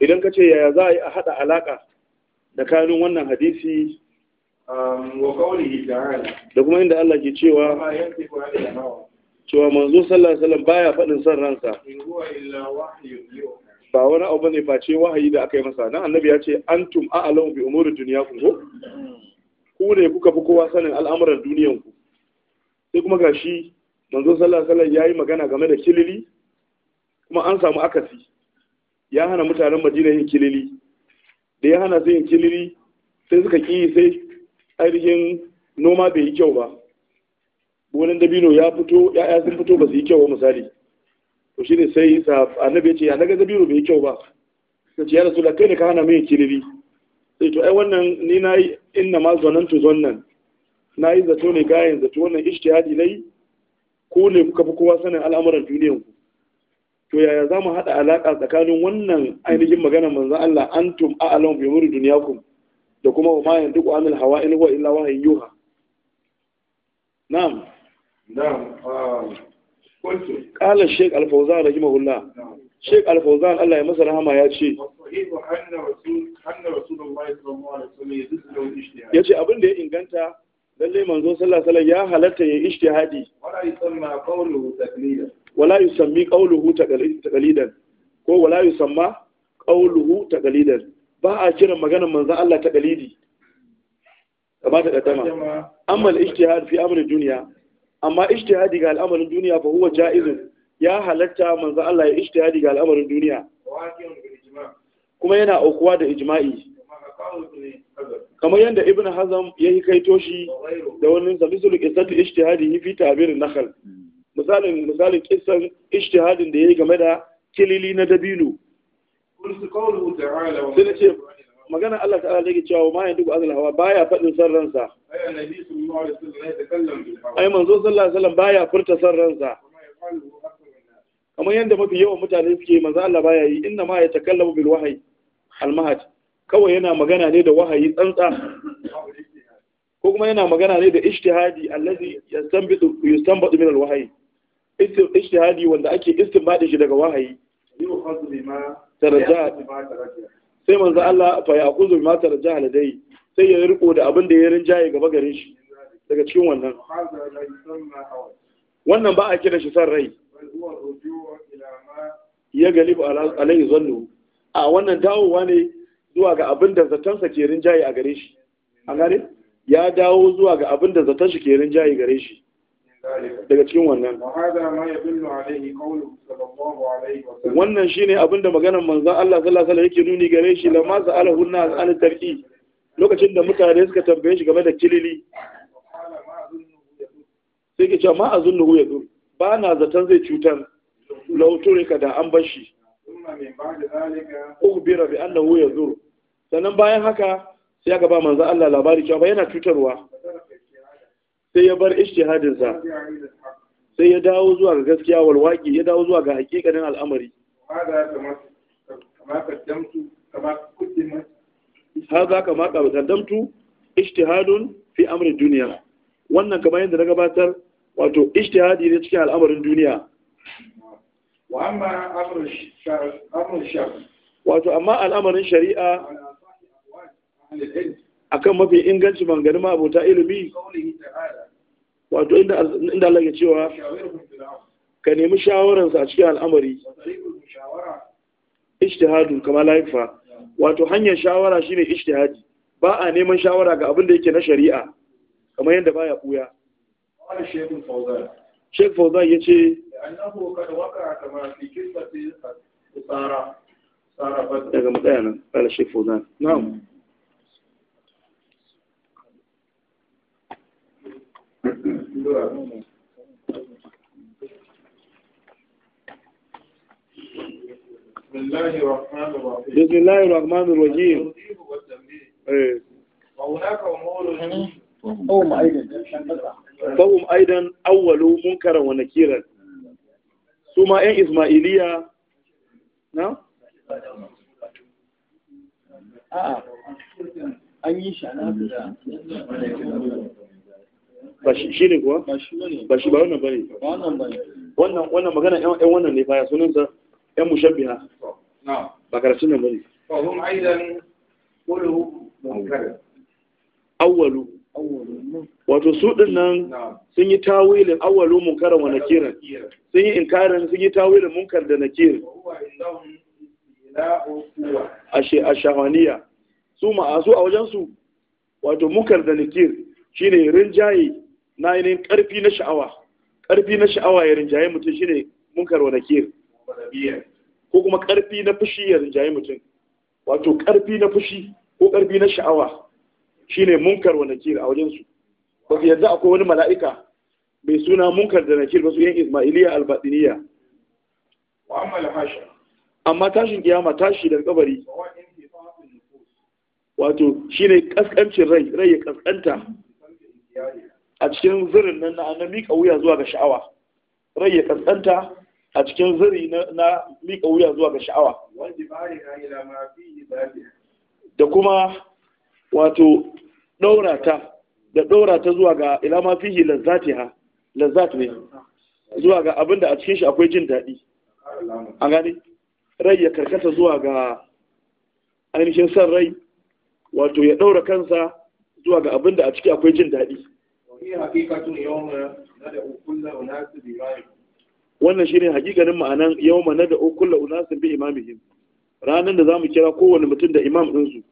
idan ka ce yaya za a yi a haɗa alaƙa da kanun wannan hadisi da kuma inda Allah ke cewa cewa manzo sallallahu alaihi wasallam baya faɗin san ransa ba wani abu ne face wahayi da aka yi masa nan annabi ya ce antum a'lamu bi umuri dunyakum ko ku ne kuka fi kowa sanin al'amuran duniyanku sai kuma gashi manzo sallallahu alaihi ya yi magana game da kilili kuma an samu akasi ya hana mutanen madina yin kilili da ya hana su yin kilili sai suka ki sai ainihin noma bai yi kyau ba gonan dabino ya fito ya'ya sun fito ba su yi kyau ba misali to shi ne sai annabi ya ce ya naga dabino bai yi kyau ba sai ce ya rasu da kai ne ka hana mai kilili sai to ai wannan ni na yi inna ma zonantu zonnan na yi zato ne kayan zato wannan ishtihadi na yi ko ne kuka fi kowa sanin al'amuran duniyan ku to yaya za mu haɗa alaƙa tsakanin wannan ainihin magana manzan Allah antum a'lamu bi duniya dunyakum da kuma wa duk wa amil hawa in huwa illa wahyun yuha na'am na'am قال الشيخ الفوزان رحمه الله شيخ الفوزان الله يمسى رحمه يا شيخ ya ce abin da ya inganta lalle manzo sallallahu alaihi ya halatta ya ijtihadi wala yusamma qawluhu taqlidan wala yusammi qawluhu taqlidan ko wala yusamma qawluhu taqlidan ba a kiran maganar manzo Allah taqlidi ta kaddama amma al-ijtihad fi amr dunya amma ijtihadi ga al'amarin duniya fa huwa jaizun ya halatta manzo Allah ya ijtihadi ga al'amarin duniya kuma yana aukuwa da ijma'i kamar yadda ibn hazam ya yi kai toshi da wani samisul qissatu ijtihadi fi ta'bir nakal, misalin misalin qissan ijtihadin da yayi game da kilili na dabino sai ce magana Allah ta'ala da yake cewa ma yanzu azal hawa baya fadin san ransa ai manzo sallallahu alaihi wasallam baya furta san ransa kamar yadda mafi yawan mutane suke manzo Allah baya yi inna ma ya bil wahyi al mahad kawai yana magana ne da wahayi tsantsa ko kuma yana magana ne da ijtihadi allazi yastanbitu yastanbatu min alwahyi ijtihadi wanda ake istinbadi shi daga wahayi sai manzo Allah fa ya'khudhu bima tarajja ladai sai ya riko da abin da ya rinjaye gaba garin shi daga cikin wannan wannan ba a kira shi san rai ya galibu alaihi zannu a wannan dawowa ne zuwa ga abin da zatonsa ke rinjaye a gare shi an gane ya dawo zuwa ga abin da zaton shi ke rinjaye gare shi daga cikin wannan wannan shine abin da maganar manzon Allah sallallahu alaihi yake nuni gare shi ma sa'alahu nas an tarqi lokacin da mutane suka tambaye shi game da kilili sai ke cewa ma azunnu yadur ba na zaton zai cutar lauturika da an bar shi ubira bi annahu yazur sannan bayan haka sai ya gaba manzo Allah labari cewa ba yana cutarwa sai ya bar ijtihadin sa sai ya dawo zuwa ga gaskiya walwaki ya dawo zuwa ga hakikanin al'amari haza kama kaddamtu ijtihadun fi amri duniya wannan kamar yadda na gabatar wato ijtihadi ne cikin al'amarin duniya wato amma al'amarin shari'a akan mafi inganci ma abota ilimi wato inda Allah ke cewa ka nemi shawararsa a cikin al'amari hadu kama laifa wato hanyar shawara shine ijtihadi ba a neman shawara ga abin da yake na shari'a kamar yadda baya buya Shek Fauzan ya ce لأنه قد وقع كما في قصة سارة سارة بدر daga mutane قال شيء فوزان نعم بسم الله الرحمن الرحيم بسم الله الرحمن الرحيم ايه, إيه. وهناك امور يعني قوم ايضا قوم ايضا اولوا منكرا ونكيرا su ma 'yan ismailiya na? an yi shi ba shi ne kuwa? ba shi ba wannan ba ne wannan magana 'yan wannan ne baya sunansa 'yan mushabbiha ba karatun nan ba ne Ba Ba awwalu awwalu wato su din nan sun yi tawilin awwalu munkara wa nakirin sun yi inkarin sun yi tawilin munkar da nakir ashe ashawaniya su ma'asu a wajen su wato munkar da nakir shine rinjaye na yin karfi na sha'awa karfi na sha'awa ya rinjaye mutum shine munkar wa nakir ko kuma karfi na fushi ya rinjaye mutum wato karfi na fushi ko karfi na sha'awa shine munkar wa nakir a wajen su ba su yarda akwai wani mala'ika mai suna munkar da nakir ba su yan ismailiya albatiniya amma tashin kiyama tashi da kabari wato shine kaskancin rai rai ya kaskanta a cikin zirin nan na miƙa wuya zuwa ga sha'awa rai ya kaskanta a cikin ziri na miƙa wuya zuwa ga sha'awa da kuma wato ɗaura ta da ɗora ta zuwa ga ilama fihi lazzatiha lazzat ne zuwa ga abin da a cikin shi akwai jin daɗi an gane rai ya karkata zuwa ga ainihin san rai wato ya ɗaura kansa zuwa ga abin da a ciki akwai jin daɗi wannan shine hakikanin ma'anan na da kullu unasin bi imamihim ranan da zamu kira kowane mutum da imam ɗinsu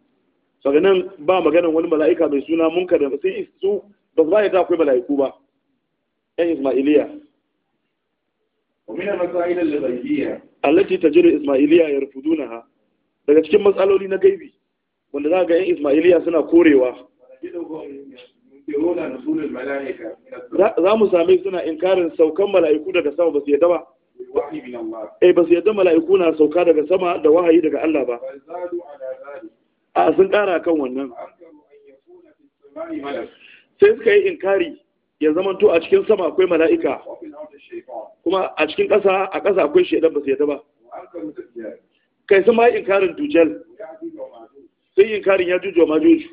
daga nan ba maganan wani mala'ika mai suna munkar da sai su ba su ba ta akwai mala'iku ba yan ismailiya allati tajiru ismailiya ha. daga cikin matsaloli na gaibi wanda za ga yan ismailiya suna korewa za mu sami suna inkarin saukan mala'iku daga sama ba su yadda ba eh ba su yadda mala'iku na sauka daga sama da wahayi daga Allah ba a sun ƙara kan wannan sai suka yi inkari ya zamanto a cikin sama akwai mala'ika kuma a cikin ƙasa a ƙasa akwai shaidan ba su yadda ba kai sun ma yi inkarin dujel sun yi inkarin ya jujo ma juju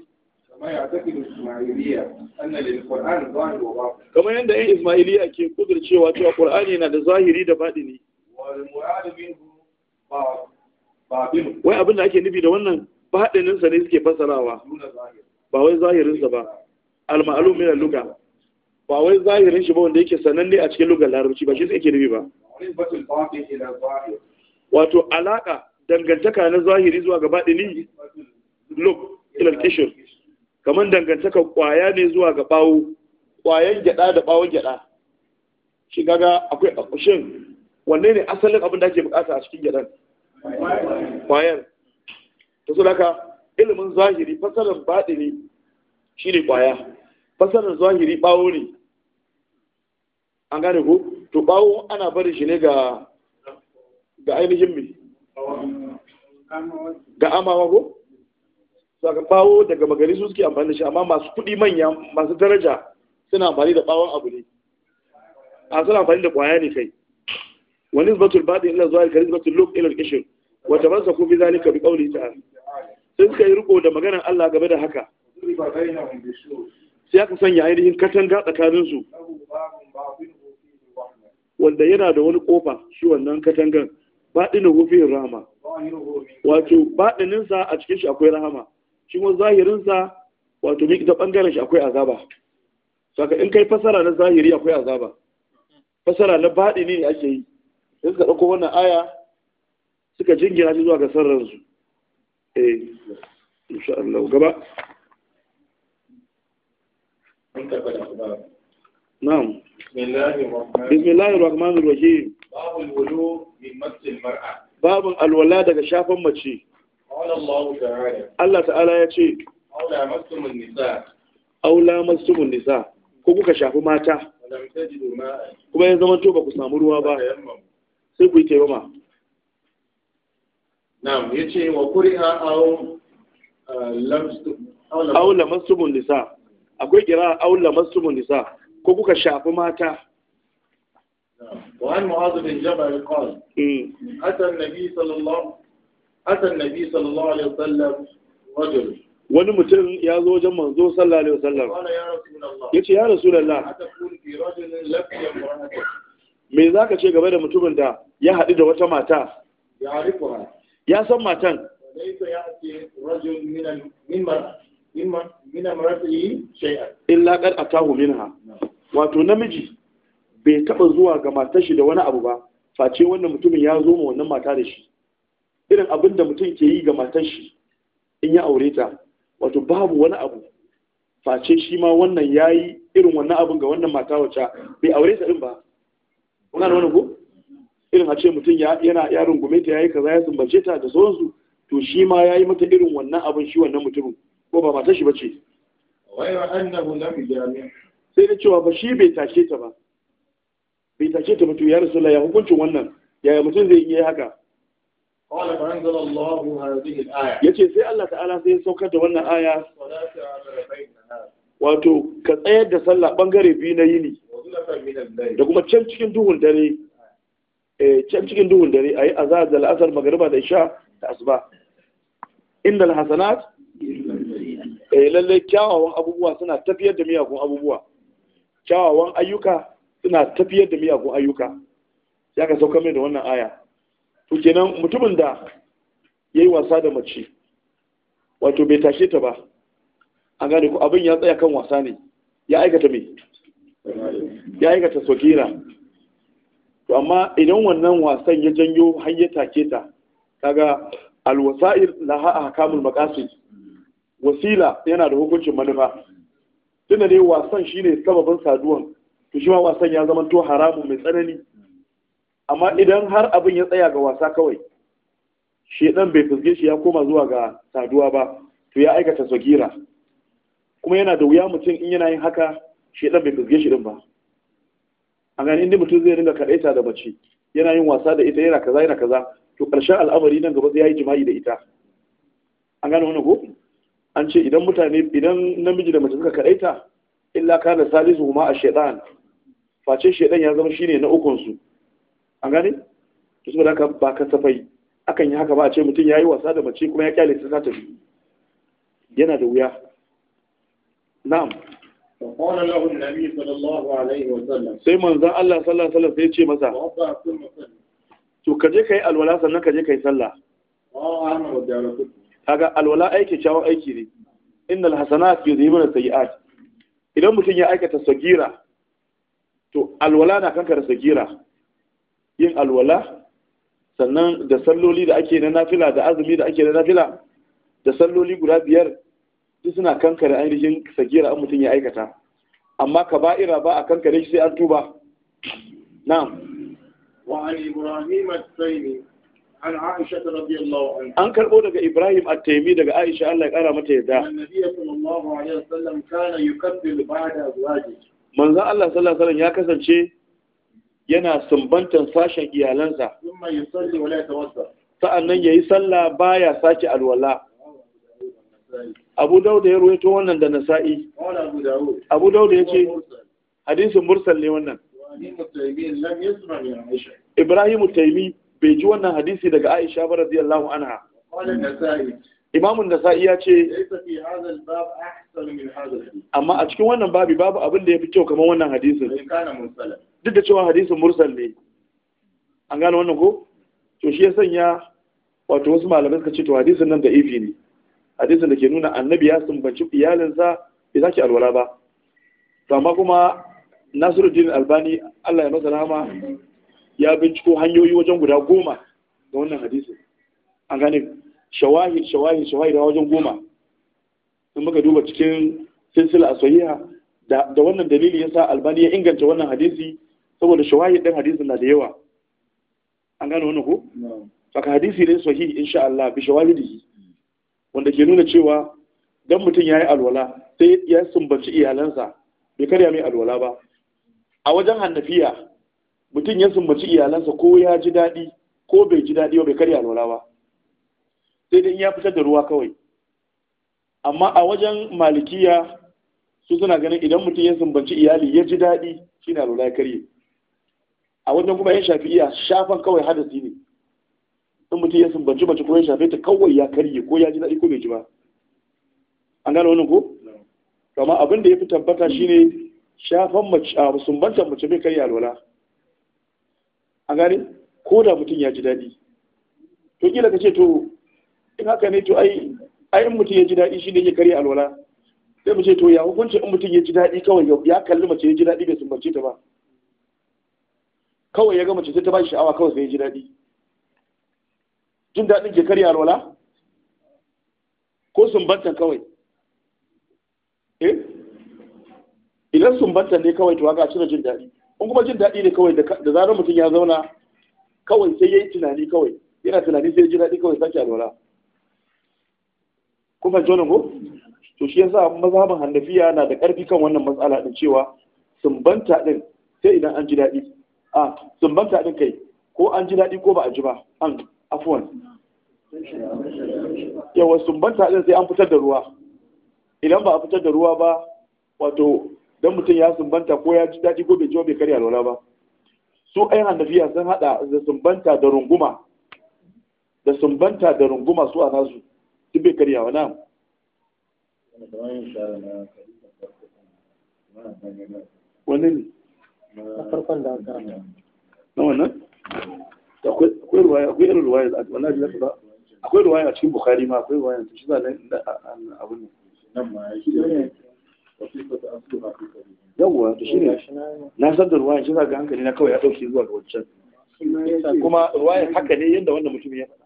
kamar yadda yan ismailiya ke kudur cewa ƙur'ani na da zahiri da ne. wai abin da ake nufi da wannan faɗininsa ne suke fasarawa ba wai zahirinsa ba al-ma'lum luga ba wai zahirin shi ba wanda yake sananne a cikin lugar larabci ba shi sai yake nufi ba wato alaka dangantaka na zahiri zuwa ga baɗini lug ilal kishir kamar dangantaka kwaya ne zuwa ga bawo kwayan gyada da bawon gyada shi gaga akwai akushin wanne ne asalin abin da ake bukata a cikin gyadan kwayar ta so haka ilimin zahiri fasarar ne shi ne ƙwaya fasarar zahiri ɓawo ne an gane ko to ɓawo ana bari shi ne ga ga ainihin mai ga amawa ko saka ɓawo daga magari su suke amfani da shi amma masu kuɗi manya masu daraja suna amfani da ɓawon abu ne a suna amfani da ƙwaya ne kai wani zubatul baɗi ila zuwa ilkarin zubatul lok ilar ishin wata ban sa fi bi zalika bi ƙauli ta'ala sai suka yi riko da maganar Allah game da haka sai aka sanya ainihin katanga tsakanin su wanda yana da wani kofa shi wannan katangan baɗinin hufin rama. wato baɗininsa a cikin shi akwai rahama shi kuma zahirinsa wato miki ta ɓangaren shi akwai azaba saka in kai fasara na zahiri akwai azaba fasara na baɗini ne ake yi sai suka ɗauko wannan aya suka jingina shi zuwa ga sarransu eh insha Allah gaba na'am bismillahir rahmanir rahim babul wudu min masjid mar'a babun alwala daga shafan mace Allah ta'ala ya ce aula mastumun nisa ko kuka shafi mata kuma ya zama ba ku samu ruwa ba sai ku yi taimama na'am yace wa qur'a aw uh, lamstu aw nisa akwai qira'a aw lamastumun nisa ko kuka shafi mata وعن معاذ بن جبل قال أتى النبي صلى الله أتى النبي صلى الله عليه وسلم رجل wani mutum ya zo wajen manzo sallallahu alaihi wasallam ya ce ya rasulullah me za ka ce game da mutumin da ya haɗu da wata mata ya san matan illa a atahu minha wato namiji bai taba zuwa ga matar shi da wani abu ba face wannan mutumin ya zo ma wannan mata da shi irin abin da mutum ke yi ga matar shi in ya aure ta wato babu wani abu face shi ma wannan yayi irin wannan abin ga wannan mata wacce bai aure ta din ba kuna da wani ko irin a ce mutum yana ya rungume ta yayi kaza ya sumbace ta da sauransu to shi ma yayi mata irin wannan abin shi wannan mutumin ko ba matar shi bace wa annahu lam yujami sai da cewa ba shi bai tashe ta ba bai tashe ta ba to ya rasulullahi ya hukuncin wannan yaya mutum zai yi haka qala anzalallahu hadhihi al-aya yace sai Allah ta'ala sai ya saukar da wannan aya wato ka tsayar da sallah bangare biyu na yini da kuma can cikin duhun dare Eh, can cikin duhun dare a yi azhar da la'asar Magariba da isha da asuba Inda hasanat eh lalle kyawawan abubuwa suna tafiyar da miyagun abubuwa kyawawan ayyuka suna tafiyar da miyagun ayyuka ya ka sauka mai da wannan aya to kenan mutumin da ya yi wasa da mace wato bai tashe ta ba A gane ku abin ya tsaya kan wasa ne ya aikata me ya aikata sokira to amma idan wannan wasan ya janyo hanyar ya take ta kaga alwasa'ir laha ahkamul maqasid wasila yana da hukuncin manufa tunda dai wasan shine sababin saduwan to shi ma wasan ya zama to haramun mai tsanani amma idan har abin ya tsaya ga wasa kawai shedan bai fuske shi ya koma zuwa ga saduwa ba to ya aikata sagira kuma yana da wuya mutum in yana yin haka shedan bai fuske shi din ba an gani inda mutum zai ringa kaɗaita da mace yana yin wasa da ita yana kaza yana kaza to ƙarshen al'amari nan gaba zai yi jima'i da ita an gane wani ko an ce idan mutane idan namiji da mace suka kaɗaita illa ka da salisu kuma a shaitan face shaitan ya zama shine na ukun su an gane to saboda haka ba kasafai akan yi haka ba a ce mutum ya yi wasa da mace kuma ya kyale ta ta yana da wuya na'am sai manzon Allah sallallahu alaihi wasallam sai ce masa to ka je kai alwala sannan ka je kai sallah kaga alwala aiki cewa aiki ne innal hasanat yudhibuna sayiat idan mutum ya aikata sagira to alwala na kanka da sagira yin alwala sannan da salloli da ake na nafila da azumi da ake na nafila da salloli guda biyar duk suna kankare ainihin sagira an mutum ya aikata amma ka ba ira ba a kankare shi sai an tuba na'am wa an ibrahim at-taymi an aisha radiyallahu anha an karbo daga ibrahim at-taymi daga aisha Allah ya kara mata yadda annabi sallallahu alaihi wasallam kana yukabbilu ba'da azwajihi manzo Allah sallallahu alaihi wasallam ya kasance yana sumbantan sashen iyalansa kuma ya salli wala tawadda sa'annan yayi sallah baya sake alwala abu dauda ya ruwaito wannan da nasa'i abu dauda ya ce hadisin mursal ne wannan ibrahimu taimi bai ji wannan hadisi daga aisha ba radiyallahu anha imamun nasa'i ya ce amma a cikin wannan babi babu abin da ya fi kyau kamar wannan hadisin duk da cewa hadisin mursal ne an gane wannan ko to shi ya sanya wato wasu malamai suka ce to hadisin nan da ifi ne hadisin da ke nuna annabi ya sumbanci iyalinsa bai sake alwala ba to amma kuma nasiruddin albani allah ya masa rahama ya binciko hanyoyi wajen guda goma ga wannan hadisin an gane shawahid shawahid shawahid a wajen goma sun muka duba cikin silsila a sahiha da wannan dalili ya sa albani ya inganta wannan hadisi saboda shawahid ɗan hadisin na da yawa an gane wannan ko faka hadisi ne sahihi insha Allah bi shawahidihi wanda ke nuna cewa dan mutum ya yi alwala sai ya sumbanci iyalansa bai karya mai alwala ba a wajen hannafiya mutum ya sumbanci iyalansa ko ya ji daɗi ko bai ji daɗi ba bai karya alwala ba sai dai ya fitar da ruwa kawai amma a wajen malikiya su suna ganin idan mutum ya sumbanci iyali ya ji daɗi shi na alwala ya karye a wajen kuma yan iya shafan kawai hadasi ne in mutum ya sumbanci mace ko ya shafe ta kawai ya karye ko ya ji daɗi ko bai ji ba an gane wani ko kama abin da ya fi tabbata shine shafan mace a sumbantar mace mai karye alwala an gane ko da mutum ya ji daɗi to kila ka ce to in haka ne to ai ai in mutum ya ji daɗi shine ya karye alwala sai mu ce to ya hukunci in mutum ya ji daɗi kawai ya kalli mace ya ji daɗi bai sumbace ta ba kawai ya ga mace sai ta ba shi sha'awa kawai sai ya ji daɗi jin daɗin ke karya alwala ko sumbanta kawai eh idan sumbanta ne kawai to haka cire jin daɗi in kuma jin daɗi ne kawai da zarar mutum ya zauna kawai sai yayi yi tunani kawai yana tunani sai ya ji daɗi kawai sake alwala kuma jona ko to shi yasa mazhabin hannafiya na da ƙarfi kan wannan matsala din cewa sumbanta din sai idan an ji daɗi a sumbanta din kai ko an ji daɗi ko ba a ji ba an afwan yawa sumbanta din sai an fitar da ruwa idan ba a fitar da ruwa ba wato dan mutum ya sumbanta ko ya ji daɗi ko bai ji bai karya lola ba su ayin hannafiya sun hada da sumbanta da runguma da sumbanta da runguma su a nasu duk bai karya wa nan wani ne na wannan akwai ruwaya akwai irin ruwaya a wannan ajiyar ba akwai ruwaya a cikin bukhari ma akwai ruwaya to shi za nan abin ne yawwa to shi ne na san da ruwayan shi ka ga hankali na kawai ya ɗauke zuwa ga wancan kuma ruwaya haka ne yadda wanda mutum ya faɗa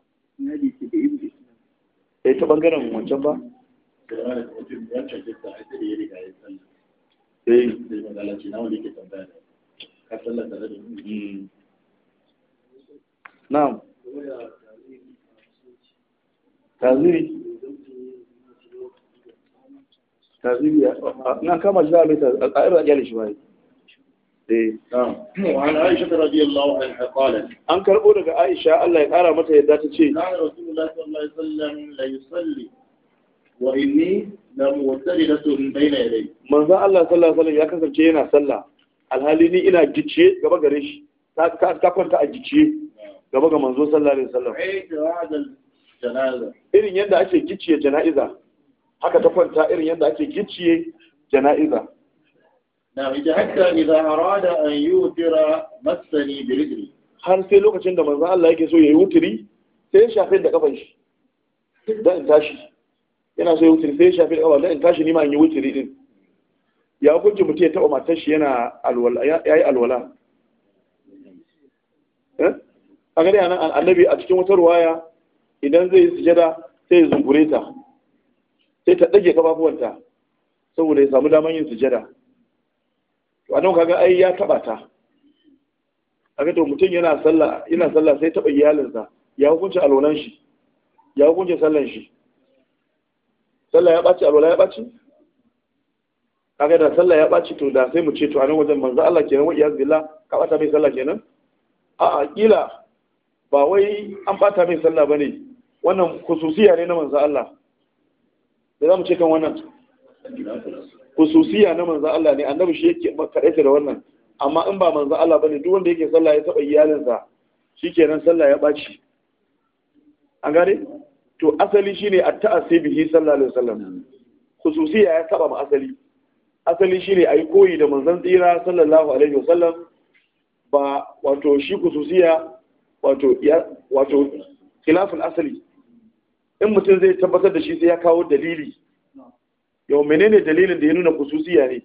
eh ta bangaren wancan ba eh na'am taziri taziri na kama shi za a mai a irin shi bai وعن عائشة رضي الله عنها قالت أن كربو عائشة الله يقارى متى يدات شيء كان رسول الله صلى الله عليه وسلم لا يصلي وإني لموتردة بين يدي من ذا الله صلى الله عليه وسلم يكسر صلى alhali ni ina gice gaba gare shi ta kwanta a gice gaba ga manzo sallallahu alaihi wasallam irin yadda ake gicciye jana'iza haka ta kwanta irin yadda ake gicciye jana'iza na'am idan hatta idan arada an yutira masani bi rijli har sai lokacin da manzo Allah yake so ya yi sai ya shafe da kafan shi dan in tashi yana so ya yutiri sai ya shafe da kafan dan in tashi ni ma in yi wutiri din ya hukunci mutum ya taba matar shi yana alwala yayi alwala eh a gani a nan annabi a cikin wata ruwaya idan zai yi sujada sai ya zungure ta sai ta ɗage kafafuwanta saboda ya samu daman yin sujada to anan kaga ai ya taba ta a to mutum yana sallah yana sallah sai taba iyalinsa ya hukunci alwalan shi ya hukunci sallan shi sallah ya ɓaci alwala ya ɓaci kaga da sallah ya ɓaci to da sai mu ce to a nan wajen manzo Allah kenan wa iyaz billah ka ɓata mai sallah kenan a'a kila ba wai an bata mai sallah ba ne wannan kususiya ne na manzan Allah da za mu ce kan wannan Kususiya na manzan Allah ne annabi shi yake kadaita da wannan amma in ba manzan Allah ba ne duk wanda yake sallah ya taba iyalinsa shikenan sallah ya ɓaci. an gane to asali shi ne a ta'asai bihi sallallahu alaihi wasallam Kususiya ya taɓa ma asali asali shi ne a yi koyi da manzan tsira sallallahu alaihi wasallam ba wato shi kususiya. wato ya wato khilaful asali in mutum zai tabbatar da shi sai ya kawo dalili yau menene dalilin da ya nuna kususiya ne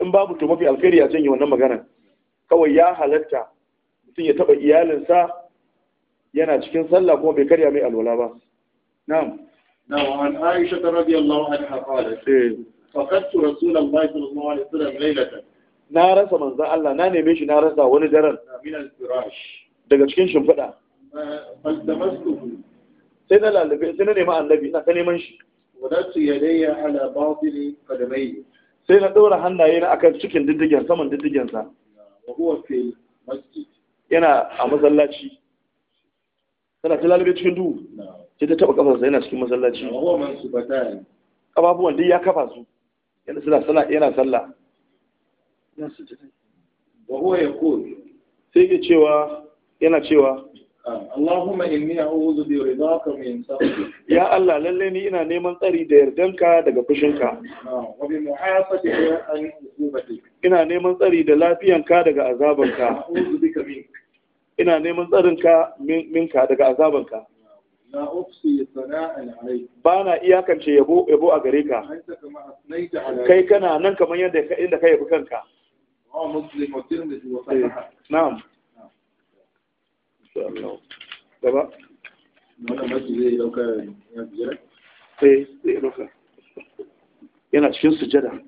in babu to mafi alkhairi a janye wannan magana kawai ya halatta mutum ya taba iyalinsa yana cikin sallah kuma bai karya mai alwala ba na'am na'am an aisha radiyallahu anha qalat eh. faqadtu rasulullahi sallallahu alaihi wasallam laylatan na rasa manzon Allah na neme shi na rasa wani daren min al-firash daga cikin shimfiɗa sai na lalube sai na nema annabi na ta neman shi wadatu yadayya ala sai na ɗora hannaye na akan cikin diddigen saman diddigen sa yana a masallaci tana ta lalube cikin duhu sai ta taba kafarsa yana cikin masallaci kafafuwan duk ya kafa su yana suna sana yana sallah wa huwa yaqul sai ke cewa yana cewa Allahumma inni a'udhu bi ridaka min sakhatik ya Allah lalle ni ina neman tsari da yardanka daga fushinka wa bi muhafazatika an uqubatik ina neman tsari da lafiyanka daga azabanka a'udhu bika min ina neman tsarinka minka daga azabanka la ufsi sana'an alayk bana iyakance yabo yabo a gare ka kai kana nan kamar yadda inda kai yabi kanka wa muslim tirmidhi wa sahih eh, na'am gaba eh, yana cikin sujada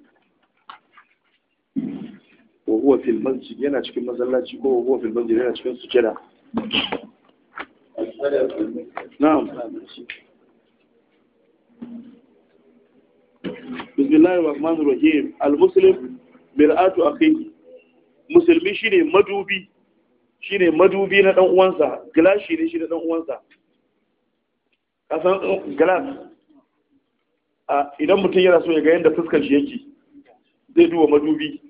wa huwa fil masjid yana cikin masallaci ko huwa fil masjid yana cikin sujada na'am bismillahir rahmanir rahim al muslim mir'atu akhihi musulmi shine madubi Shi ne madubi na ɗan’uwansa uwansa gilashi ne shi da ɗan’uwansa uwansa san eh, glass a idan mutum yana so ya ga yadda fuskar shi yake zai duba madubi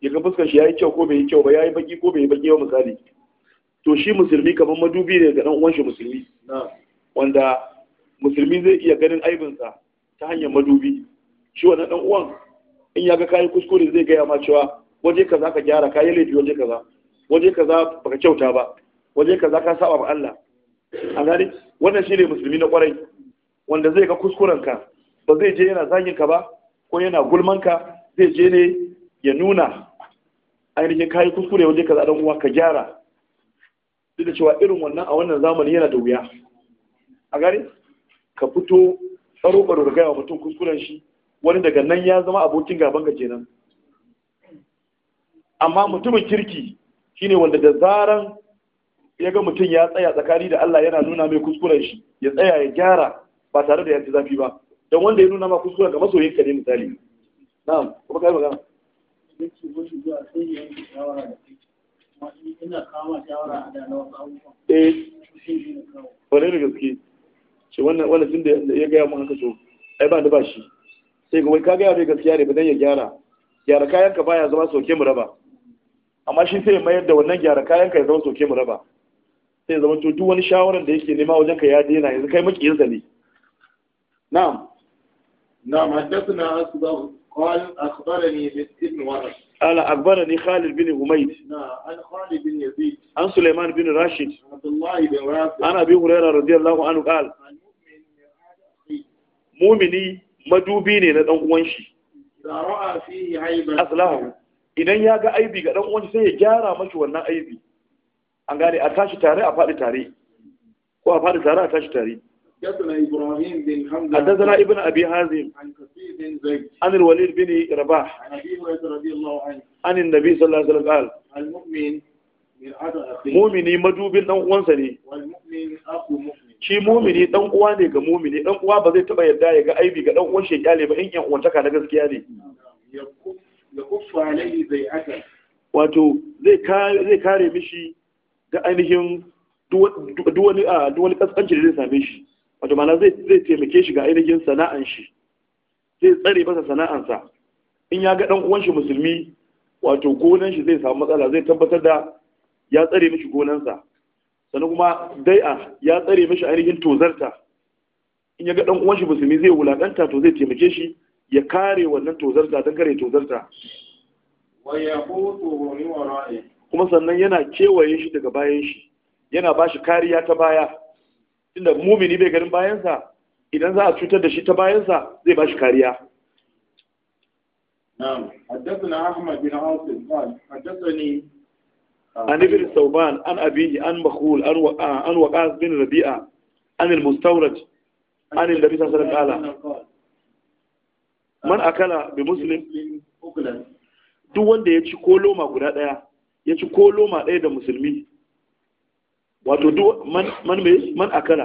ya ga fuskar shi yi kyau ko bai yi kyau ba Ya yi baki ko bai yi baki ba misali to shi musulmi kamar madubi ne ga ɗan’uwan shi musulmi wanda musulmi zai iya ganin aibinsa ta hanyar madubi shi wannan ɗan’uwan uwan in ya ga kayan kuskure zai gaya ma cewa waje kaza ka gyara kayan laifi waje kaza waje kaza ka kyauta ba waje kaza ka saba ba Allah a gani wannan shi ne musulmi na kwarai wanda zai ga kuskuren ka ba zai je yana zagin ka ba ko yana gulman ka zai je ne ya nuna ainihin kayi kuskure waje kaza dan uwa ka gyara duk da cewa irin wannan a wannan zamani yana da wuya a gani ka fito tsaro ba da gaya wa mutum kuskuren shi wani daga nan ya zama abokin gaban ka kenan amma mutumin kirki shine wanda da zaran ya ga mutum ya tsaya tsakani da Allah yana nuna mai kuskuren shi ya tsaya ya gyara ba tare da yanci zafi ba don wanda ya nuna ma kuskuren ga masoyin ka ne misali na'am kuma kai magana ina kama shawara da na wasu abubuwan eh kwarai da gaske ce wannan wannan tun da ya gaya mun haka so ai ba da ba shi sai ga wai ka gaya mai gaskiya ne ba dan ya gyara gyara kayan ka baya zama sauke mu raba amma shi sai mayar da wannan gyara kayan ka ya zama soke mu raba sai zama to duk wani shawaran da yake nema wajen ka ya daina yanzu kai maki yanzu ne na'am na'am haddathna asbab qal akhbarani ibn warash ala akhbarani khalid bin umayd na'am ana khalid bin yazid an sulaiman bin rashid abdullah bin rafi ana abi hurairah radiyallahu anhu mu'mini madubi ne na dan uwan shi da ra'a fihi haiban aslahu idan ya ga aibi ga dan uwanci sai ya gyara mashi wannan aibi an gane a tashi tare a faɗi tare ko a faɗi tare a tashi tare حدثنا ابن ابي حازم عن الوليد بن رباح عن النبي صلى الله عليه وسلم قال المؤمن mumini madubin dan uwansa ne shi mumini dan uwa ne ga mumini dan uwa ba zai taba yarda ya ga aibi ga dan uwan shi kyale ba in yan uwantaka na gaskiya ne wato zai kare mishi ga ainihin duwani a duwani kasance da zai same shi wato mana zai taimake shi ga ainihin sana'an shi zai tsare masa sana'ansa in ya ga dan uwan shi musulmi wato gonan shi zai samu matsala zai tabbatar da ya tsare mishi gonansa sannan kuma dai a ya tsare mishi ainihin tozarta in ya ga dan uwan shi musulmi zai wulakanta to zai taimake shi ya kare wannan tozarta don kare tozarta kuma sannan yana kewaye shi daga bayan shi yana ba shi kariya ta baya inda mumini bai ganin bayansa idan za a cutar da shi ta bayansa zai ba shi kariya an أحمد an عاصم an حدثني عن ابن ثوبان عن أبيه عن man akala bi muslim duk wanda ya ci ko loma guda daya ya ci ko loma daya da musulmi wato duk man man man akala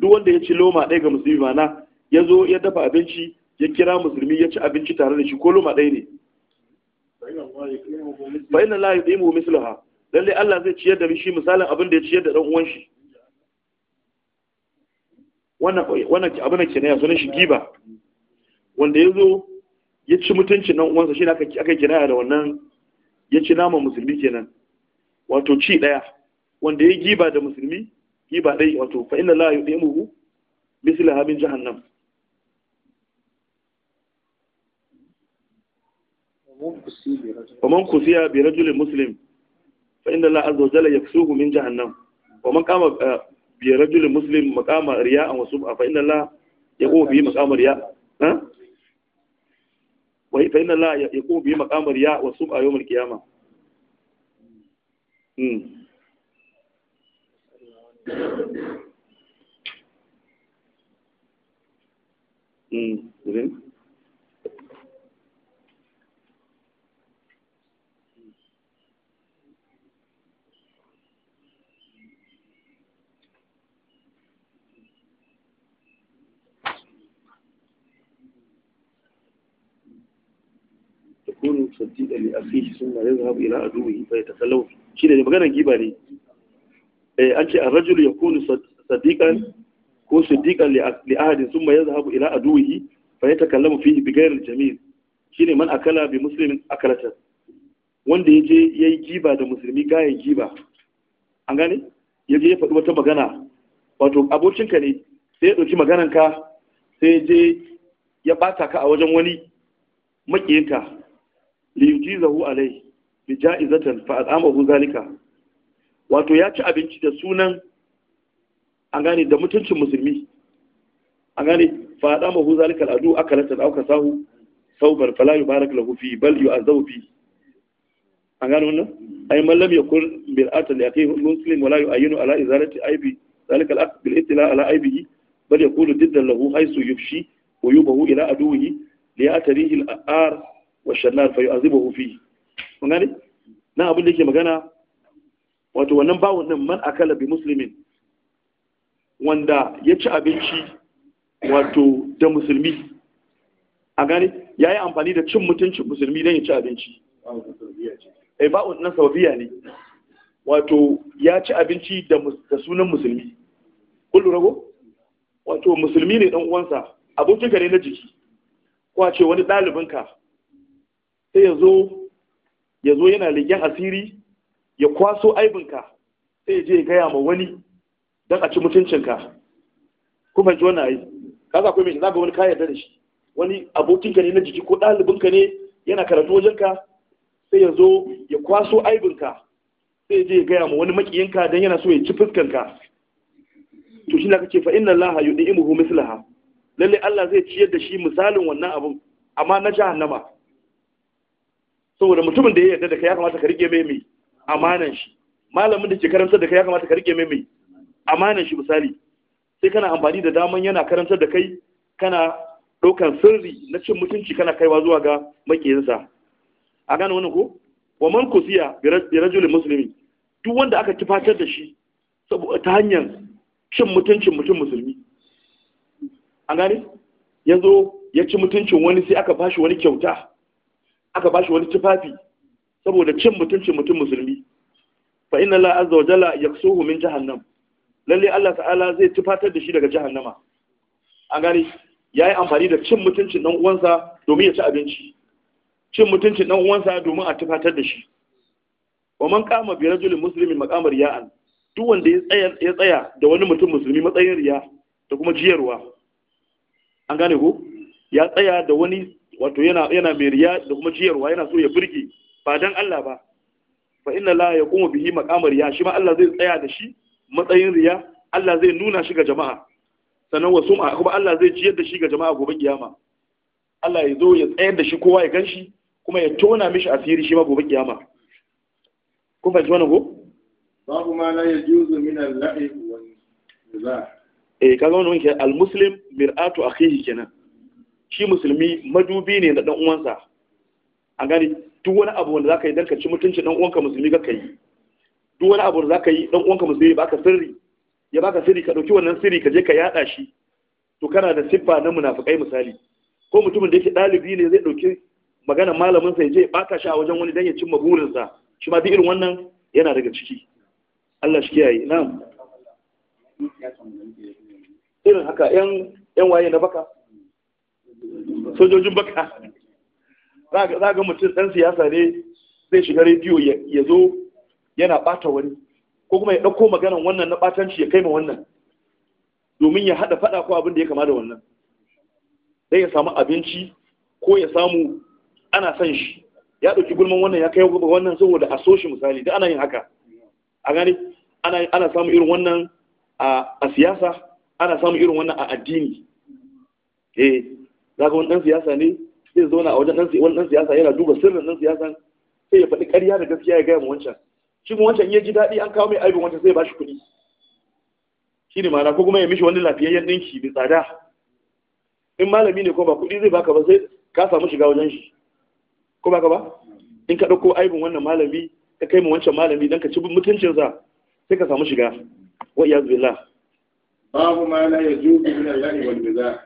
duk wanda ya ci loma daya ga musulmi mana ya zo ya dafa abinci ya kira musulmi ya ci abinci tare da shi ko loma daya ne fa inna la yudimu mislaha lalle Allah zai ciyar da shi misalin abin da ya ciyar da dan uwan shi wannan wannan abin da ke ne ya sunan shi giba wanda ya zo ya ci mutunci nan uwansa shi aka kira da wannan ya ci naman musulmi kenan wato ci ɗaya wanda ya giba da musulmi giba dai wato fa inna la yudimuhu misla habin jahannam ومن كسي برجل مسلم فإن الله عز وجل يكسوه من جهنم ومن قام برجل مسلم مقام رياء وسبعة فإن الله يقوم به مقام رياء ها wa fa inna la yaqumu bi maqam riya wa sum'a yawm al musaddiq li akhihi thumma yadhhabu ila aduwihi fa yatasallaw shi ne maganar giba ne eh an ce ar-rajulu yakunu sadiqan ko sadiqan li ahadin thumma yadhhabu ila aduwihi fa yatakallamu fihi bighayr al-jamil ne man akala bi muslimin akalatan wanda ya je ya yi giba da musulmi gaya giba an gane ya je ya faɗi wata magana wato abokinka ne sai ya ɗauki magananka sai ya je ya ɓata ka a wajen wani makiyinka liyujizahu alai bi ja'izatan fa azamahu zalika wato ya ci abinci da sunan an gane da mutuncin musulmi an gane fa azamahu zalika al'adu da aka sahu saubar fala yubarak lahu fi bal yu'azabu fi an gane wannan ay man lam yakun bil li akhihi muslim wala yu'ayinu ala izalati aibi zalika al'aqd bil ittila ala aibihi bal yakunu diddan lahu haythu yufshi yubahu ila aduwihi li ya'tarihi ar. wa sharrar fa yu'azibuhu fi kun gane na abin da yake magana wato wannan bawon nan man akala bi muslimin wanda ya ci abinci wato da musulmi a gane ya yi amfani da cin mutuncin musulmi don ya ci abinci eh ba'un na saudiya ne wato ya ci abinci da sunan musulmi kullu rago wato musulmi ne dan uwansa abokinka ne na jiki ko a ce wani ɗalibinka sai ya zo ya zo yana leƙen asiri ya kwaso aibinka sai ya je ya gaya ma wani don a ci mutuncinka kuma ji wannan ayi kaza kuma mai zaga wani ka yarda da shi wani abokinka ne na jiki ko ɗalibinka ne yana karatu wajenka sai ya zo ya kwaso aibinka sai ya je ya gaya ma wani makiyinka don yana so ya ci fuskanka to shi na kace fa inna allaha yud'imuhu mislaha lalle Allah zai ciyar da shi misalin wannan abun amma na jahannama saboda mutumin da ya yarda da kai ya kamata ka rike mai mai amanan shi malamin da ke karantar da kai ya kamata ka rike mai mai amanan shi misali sai kana amfani da daman yana karantar da kai kana ɗaukan sirri na cin mutunci kana kaiwa zuwa ga makiyinsa a gane wani ko wa man kusiya bi rajulin musulmi duk wanda aka tufatar da shi ta hanyar cin mutuncin mutum musulmi an gane yanzu ya ci mutuncin wani sai aka bashi wani kyauta aka bashi wani tufafi saboda cin mutuncin mutum musulmi fa inna la azza wa jalla yaksuhu min jahannam lalle Allah ta'ala zai tufatar da shi daga jahannama an gani yayi amfani da cin mutuncin dan uwansa domin ya ci abinci cin mutuncin dan uwansa domin a tufatar da shi wa man qama bi rajulin muslimin maqamar ya'an duk wanda ya tsaya ya tsaya da wani mutum musulmi matsayin riya da kuma jiyarwa an gane ko ya tsaya da wani wato yana yana mai riya da kuma ciyarwa yana so ya burge ba dan Allah ba fa inna la yaqumu bihi maqamar ya shi ma Allah zai tsaya da shi matsayin riya Allah zai nuna shi ga jama'a Sanan wasu kuma Allah zai ciyar da shi ga jama'a gobe kiyama Allah ya zo ya tsayar da shi kowa ya ganshi kuma ya tona mishi asiri shi ma gobe kiyama kun fahimci wannan ko babu ma la yajuzu min al-la'ib wal nizaa eh kaga wannan ke al-muslim mir'atu akhihi kenan shi musulmi madubi ne na dan uwansa A gani duk wani abu wanda zaka yi dan ka ci mutunci dan uwanka musulmi ka yi duk wani abu da zaka yi dan uwanka musulmi baka sirri ya baka sirri ka dauki wannan sirri ka je ka yada shi to kana da siffa na munafikai misali ko mutumin da yake dalibi ne zai dauki magana malamin sa ya je baka shi a wajen wani dan ya cimma burinsa shi ma duk irin wannan yana daga ciki Allah shi kiyaye na'am irin haka yan yan waye na baka sojojin baka za ga mutum ɗan siyasa ne zai shiga rediyo ya zo yana ɓata wani ko kuma ya ɗauko maganan wannan na ɓatanci ya kai ma wannan domin ya haɗa faɗa ko abin da ya kama da wannan sai ya samu abinci ko ya samu ana son shi ya ɗauki gulman wannan ya kai wannan saboda a soshi misali da ana yin haka a gani ana samun irin wannan a siyasa ana samun irin wannan a addini eh za ga wani ɗan siyasa ne zai zauna a wajen wani ɗan siyasa yana duba sirrin ɗan siyasan sai ya faɗi ƙarya da gaskiya ya gaya ma wancan shi kuma wancan ya ji daɗi an kawo mai aibin wancan sai ya bashi kuɗi shi ne ma'ana ko kuma ya mishi wani lafiyayyen ɗinki da tsada in malami ne ko ba kuɗi zai baka ba sai ka samu shiga wajen shi ko baka ba in ka ɗauko aibin wannan malami ka kai ma wancan malami don ka ci mutuncinsa sai ka samu shiga wa iyazu billah babu ma la yajuzu min al-ghani wal biza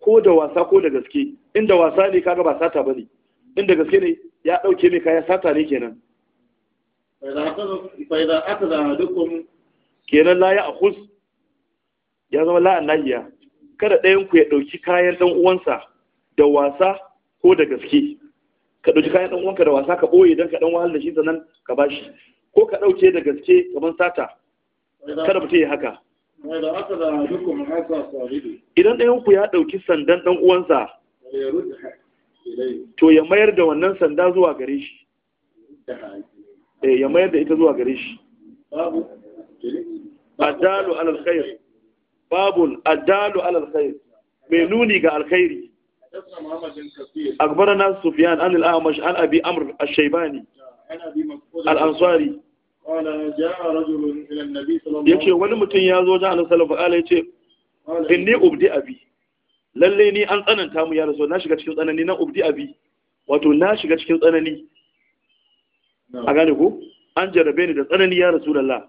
ko da wasa ko da gaske inda wasa ne kaga ba sata bane inda gaske ne ya dauke mai kaya sata ne kenan fa idza ahadukum kenan la a kus ya zama la annahiya kada ɗayan ku ya dauki kayan dan uwansa da wasa ko da gaske ka dauki kayan dan uwanka da wasa ka boye dan ka dan wahal da shi sannan ka bashi ko ka dauke da gaske kaman sata kada mutum ya haka Idan ɗayan ku ya ɗauki sandan ɗan uwansa, to ya mayar da wannan sanda zuwa gare shi. Eh, ya mayar da ita zuwa gare shi. Adalu alal khair. adalu al khair. Mai nuni ga alkhairi. Sufiyan, سفيان عن الأعمش abi أبي أمر al الأنصاري ya ce wani mutum ya zo jan annabi sallallahu alaihi ya ce inni ubdi abi lalle ni an tsananta mu ya rasu na shiga cikin tsanani na ubdi abi wato na shiga cikin tsanani a gane ku. an jarabe ni da tsanani ya rasu lalla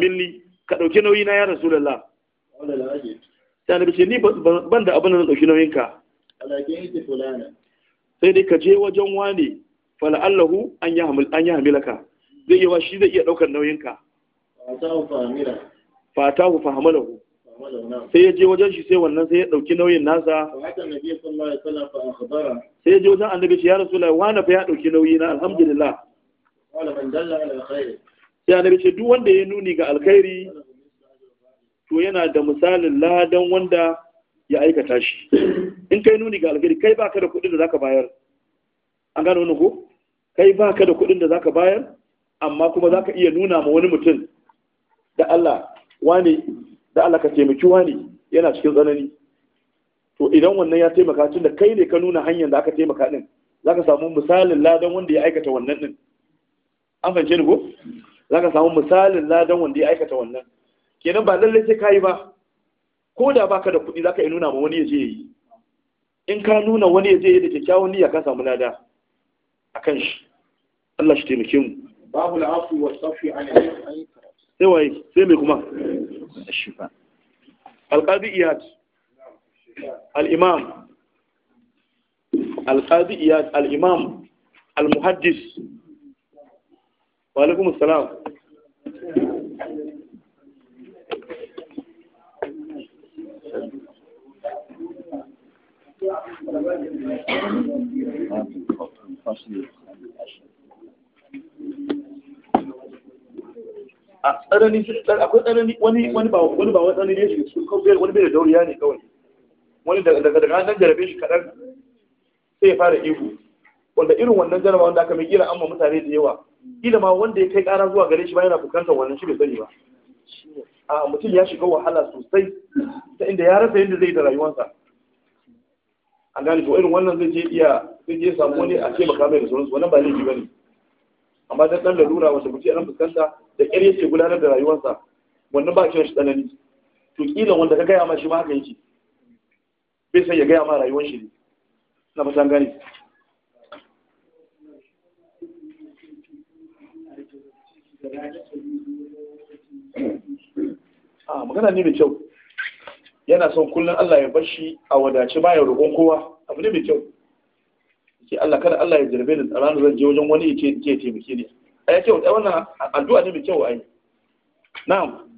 ni, ka ɗauki nauyi na ya rasu lalla ta nabi ce ni ban da abin da na ɗauki nauyin ka sai dai ka je wajen wane fala'allahu an yi hamilaka zai wa shi zai iya daukar nauyinka fatahu fahamalahu sai ya je wajen shi sai wannan sai ya dauki nauyin nasa sai ya je wajen annabi shi ya rasu lai wani fa ya dauki nauyi na alhamdulillah sai annabi ce duk wanda ya nuni ga alkhairi to yana da misalin ladan wanda ya aikata shi in kai nuni ga alkhairi kai baka da kuɗin da zaka bayar an gano wani ko kai baka da kuɗin da zaka bayar amma kuma za ka iya nuna ma wani mutum da Allah wani da Allah ka taimaki wani yana cikin tsanani to idan wannan ya taimaka tun da kai ne ka nuna hanyar da aka taimaka din za ka samu misalin ladan wanda ya aikata wannan din an fahimce ni ko za ka samu misalin ladan wanda ya aikata wannan kenan ba lallai sai yi ba ko da baka da kuɗi za ka iya nuna ma wani ya je yi in ka nuna wani ya je yi da kyakkyawan niyya ka samu lada a kan shi Allah shi taimake mu باب العفو والصفي عن اي sai waye sai mai kuma alƙadi iyad al'imam alƙadi iyad al'imam al-muhaddis wa alaikum salam Thank you. a tsanani akwai tsanani wani wani ba wani ba wani ne shi sun kawai wani bai da dauriya ne kawai wani daga daga daga nan jarabe shi kadan sai ya fara ihu wanda irin wannan jarabawa wanda aka mai kira amma mutane da yawa kila ma wanda ya kai kara zuwa gare shi ba yana fuskantar wannan shi bai sani ba a mutum ya shiga wahala sosai ta inda ya rasa yadda zai da rayuwarsa a gane to irin wannan zai je iya zai je samu wani a ce baka mai da sauransu wannan ba laifi ne. amma da ɗan lalura wanda mutum ya dan fuskanta da ƙyar yake gudanar da rayuwarsa wannan ba kiran shi tsanani to kila wanda ka gaya ma shi ma haka yake bai sai ya gaya ma rayuwar shi ne na fasan gani a ah, magana ne mai kyau yana son kullum Allah ya bar shi a wadace bayan roƙon kowa abu ne mai kyau ce Allah kada Allah ya jirbe da tsaron zan je wajen wani ya ce taimake ni a ya ce wannan addu'a ne mai kyau a yi na'am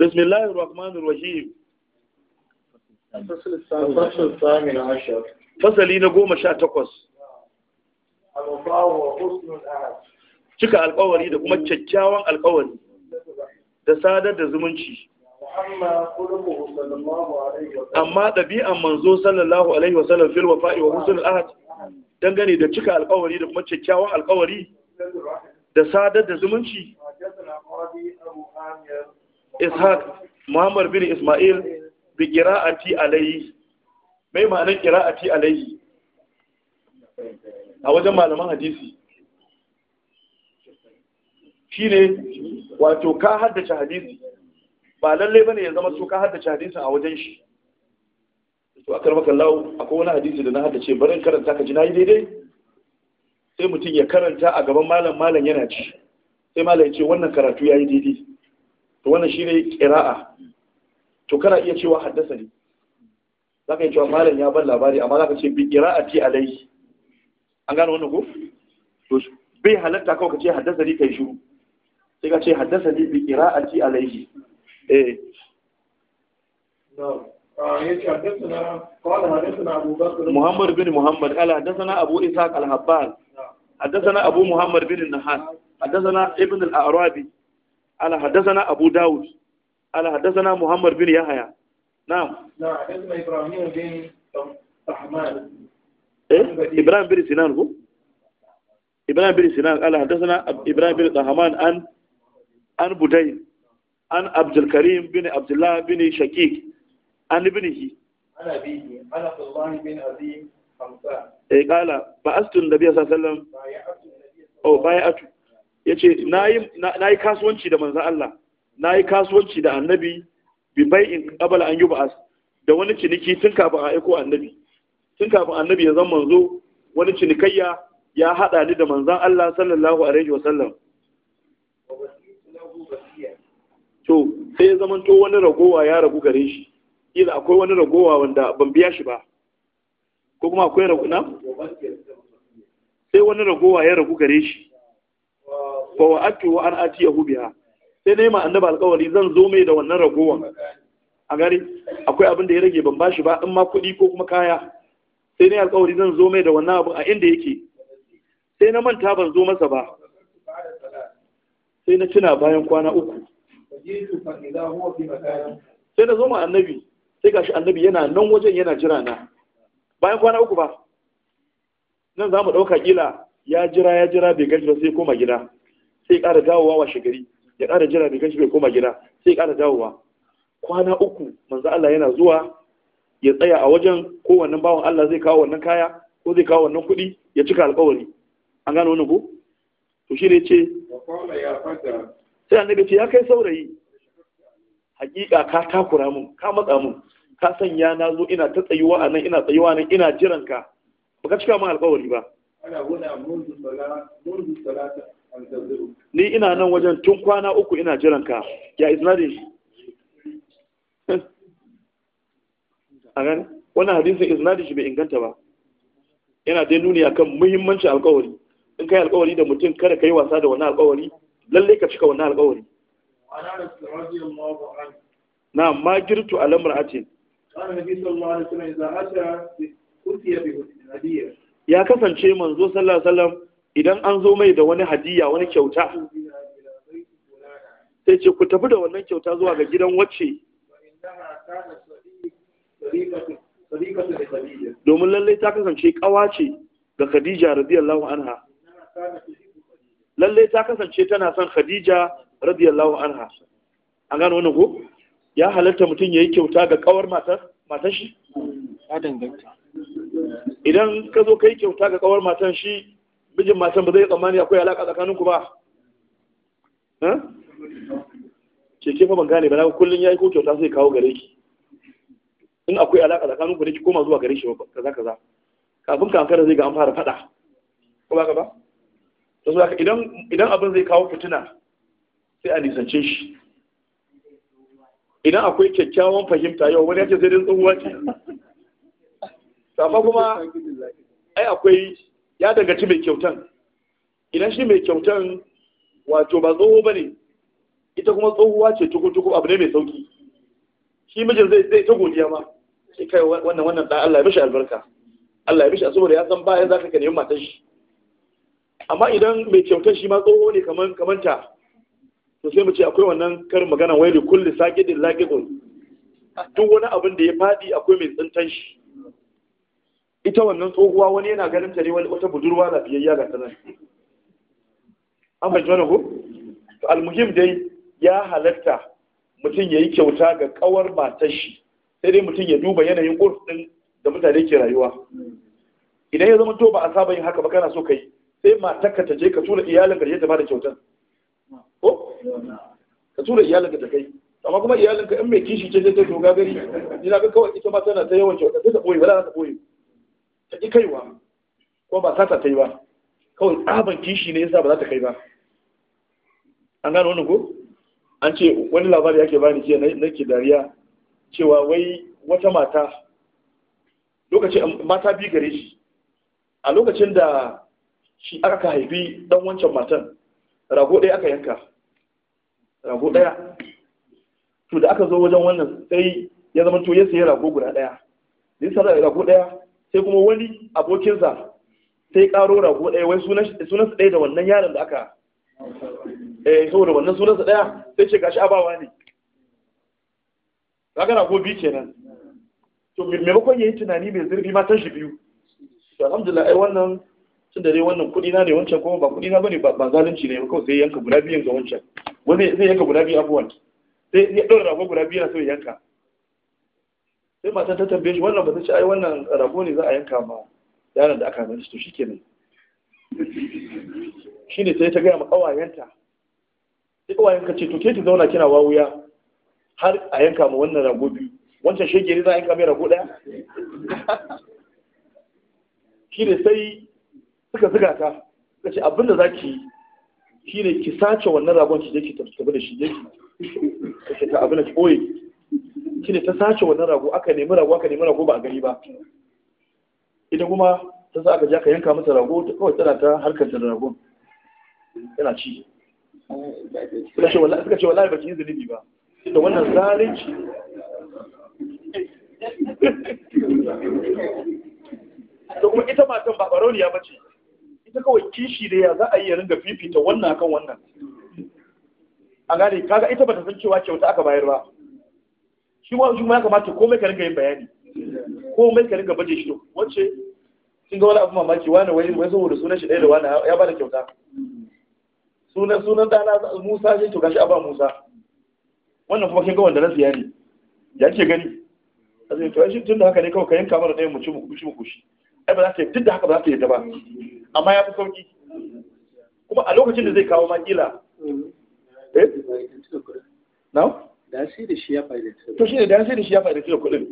بسم الله الرحمن الرحيم fasali na goma sha takwas cika alkawari da kuma kyakkyawan alkawari da sadar da zumunci amma ɗabi'an manzo sallallahu alaihi wa sallam fil wafa'i wa husnul ahad dangane da cika alƙawari da kuma kyakkyawan alƙawari da sadar da zumunci ishaq muhammad bin isma'il bi qira'ati alayhi mai ma'anar qira'ati alayhi a wajen malaman hadisi Shi ne, wato ka haddace hadisi ba lallai bane ya zama su ka haddace hadisi a wajen shi to akar maka lau akwai wani hadisi da na haddace barin karanta ka ji nayi daidai sai mutum ya karanta a gaban malam malam yana ci sai malam ya ce wannan karatu yayi daidai to wannan shine qira'a to kana iya cewa haddasa ne zaka yi cewa malam ya ban labari amma zaka ce bi qira'ati alai an gano wannan ko to bai halatta kawai ka ce haddasa ne kai shiru sai ka ce haddasa bi kira a ci alaihi eh ah, bin muhammad ala haddasa na abu isa alhabbal haddasa na abu muhammad bin nahas haddasa na ibn al'arabi ala haddasa na abu dawud ala haddasa na muhammad bin yahaya na haddasa ibrahim bin rahman إيه؟ إبراهيم بن سنان هو إبراهيم بن سنان قال حدثنا إبراهيم an budai an abdulkarim bin abdullah bin shakik an ibnihi ana bihi ana sallallahu bin azim hamsa eh kala ba'astun nabiy sallallahu alaihi wasallam oh bai'atu yace nayi nayi kasuwanci da manzon Allah nayi kasuwanci da annabi bi bai'in qabla an yub'as da wani ciniki tun kafin a aiko annabi tun kafin annabi ya zama manzo wani cinikayya ya hada ni da manzon Allah sallallahu alaihi wasallam to sai ya to wani ragowa ya ragu gare shi ila akwai wani ragowa wanda ban biya shi ba ko kuma akwai ragu na sai wani ragowa ya ragu gare shi fa wa atu wa an ati yahu biha sai na yi ma annaba alƙawari zan zo mai da wannan ragowan a gari akwai abin da ya rage ban bashi ba in ma kuɗi ko kuma kaya sai na yi alƙawari zan zo mai da wannan abu a inda yake sai na manta ban zo masa ba sai na tuna bayan kwana uku sai na zo ma annabi sai gashi annabi yana nan wajen yana jira na bayan kwana uku ba nan za mu ɗauka ƙila ya jira ya jira bai gashi ba sai koma gida sai ƙara dawowa wa shigari ya ƙara jira bai gashi bai koma gida sai ƙara dawowa kwana uku manzo Allah yana zuwa ya tsaya a wajen ko wannan bawan Allah zai kawo wannan kaya ko zai kawo wannan kuɗi ya cika alƙawari an gano wannan ko to shi ne ce sai annabi ce ya kai saurayi hakika ka takura mun ka matsa mun ka sanya na zo ina ta tsayuwa a nan ina tsayuwa nan ina jiran ka baka cika mun alƙawari ba ni ina nan wajen tun kwana uku ina jiran ka ya isnadin agan wannan hadisin isnadin shi bai inganta ba yana dai nuni akan muhimmancin alƙawari in kai alƙawari da mutum kada ka yi wasa da wani alƙawari lalle ka cika wannan alƙawari na ma girtu a lamar atin ya kasance manzo sallallahu alaihi wasallam idan an zo mai da wani hadiya wani kyauta sai ce ku tafi da wannan kyauta zuwa ga gidan wacce domin lallai ta kasance kawa ce ga Khadija radiyallahu anha lalle ta kasance tana son Khadija radiyallahu anha an gano wannan ko ya halatta mutum yayi kyauta ga kawar matan shi ya danganta idan ka zo kai kyauta ga kawar matan shi mijin matan ba zai tsammani akwai alaka tsakanin ku ba keke fa ban gane ba na kullun yayi ko kyauta sai kawo gare ki in akwai alaka tsakanin ku ne ki koma zuwa gare shi ba kaza kaza kafin kankara zai ga an fara fada ko ba ka ba ta zuwa idan abin zai kawo fitina sai a nisance shi idan akwai kyakkyawan fahimta yau wani yake zai rinsu wace ce kuma ai akwai ya danganci mai kyautan idan shi mai kyautan wato ba tsoho ba ne ita kuma tsohuwa ce tukutuku abu ne mai sauki shi mijin zai zai ta godiya ma sai kai wannan wannan da Allah ya mishi albarka Allah ya mishi saboda ya san ya zaka ka nemi matar shi amma idan mai kyautar shi ma tsoho ne kaman kamanta to sai mu ce akwai wannan karin magana wai da kulli saqidin laqiqun duk wani abin da ya fadi akwai mai tsintan shi ita wannan tsohuwa wani yana ganin ta ne wata budurwa lafiyayya ga sanar an bai jona ku. to almuhim dai ya halatta mutum ya yi kyauta ga kawar matar shi sai dai mutum ya duba yanayin urfin da mutane ke rayuwa idan ya zama to ba a saba yin haka ba kana so ka yi sai matarka ta je ka tura iyalin ka je ta bada kyautan ko ka tura iyalin ka ta kai amma kuma iyalin ka in mai kishi ce ta doga gari ni na ga kawai ita ma tana ta yawan kyauta sai ta boye wala ta boye ta ki kaiwa ko ba sata ta yi ba kawai tsaban kishi ne yasa ba za ta kai ba an gano wannan ko an ce wani labari yake bani ke nake dariya cewa wai wata mata lokacin mata bi gare shi a lokacin da shi aka haifi dan wancan matan rago ɗaya aka yanka rago ɗaya to da aka zo wajen wannan sai ya zama to ya sayi rago guda ɗaya da ya sayi rago ɗaya sai kuma wani abokinsa sai karo rago ɗaya wai sunansa ɗaya da wannan yaron da aka eh saboda wannan sunansa ɗaya sai ce gashi abawa ne kaga rago biyu kenan to maimakon ya yi tunani mai zurfi matan shi biyu to alhamdulillah ai wannan tun da dai wannan kudi na ne wancan kuma ba kudi na bane ba zalunci ne kawai sai yanka guda biyu ga wancan wani zai yanka guda biyu abuwan sai ya ɗaura rago guda biyu na yanka sai matan ta tambaye shi wannan ba ta ce ai wannan rago ne za a yanka ma yaron da aka gani to shikenan shine sai ta gaya ma ƙawayenta sai ƙawayen ce to ke ki zauna kina wawuya har a yanka ma wannan rago biyu wancan shege ne za a yanka mai rago ɗaya shi ne sai suka zuga ta suka ce abinda za ki shi ne ki sace wannan ragon ki je ki tafi da shi je ki ce ta abinda ki boye ne ta sace wannan rago aka nemi rago aka nemi rago ba a gani ba ita kuma ta sa aka je aka yanka masa rago ta kawai tana ta harkar da ragon yana ci suka ce wallahi ba ki baki yi zunubi ba da wannan zalunci da kuma ita matan ba ba bace ita kawai kishi da ya za a iya ringa fifita wannan kan wannan a gane kaga ita bata san cewa kyauta aka bayar ba shi ma shi ma ya kamata komai ka ringa yin bayani komai ka ringa baje shi to? wacce kin ga wani abu mamaki wani wai wai saboda sunan shi ɗaya da wani ya bada kyauta sunan sunan dana Musa shi to gashi a ba Musa wannan kuma kin ga wanda na siya ya ce gani azai to shi tun da haka ne kawai ka yanka mana ɗaya mu ci mu kushi mu kushi ai ba za ta yi duk da haka ba za ta yi ta ba amma ya fi sauki kuma a lokacin da zai kawo makila eh? na? da da ya to shi ne da sai da shi ya fahimci da kuɗin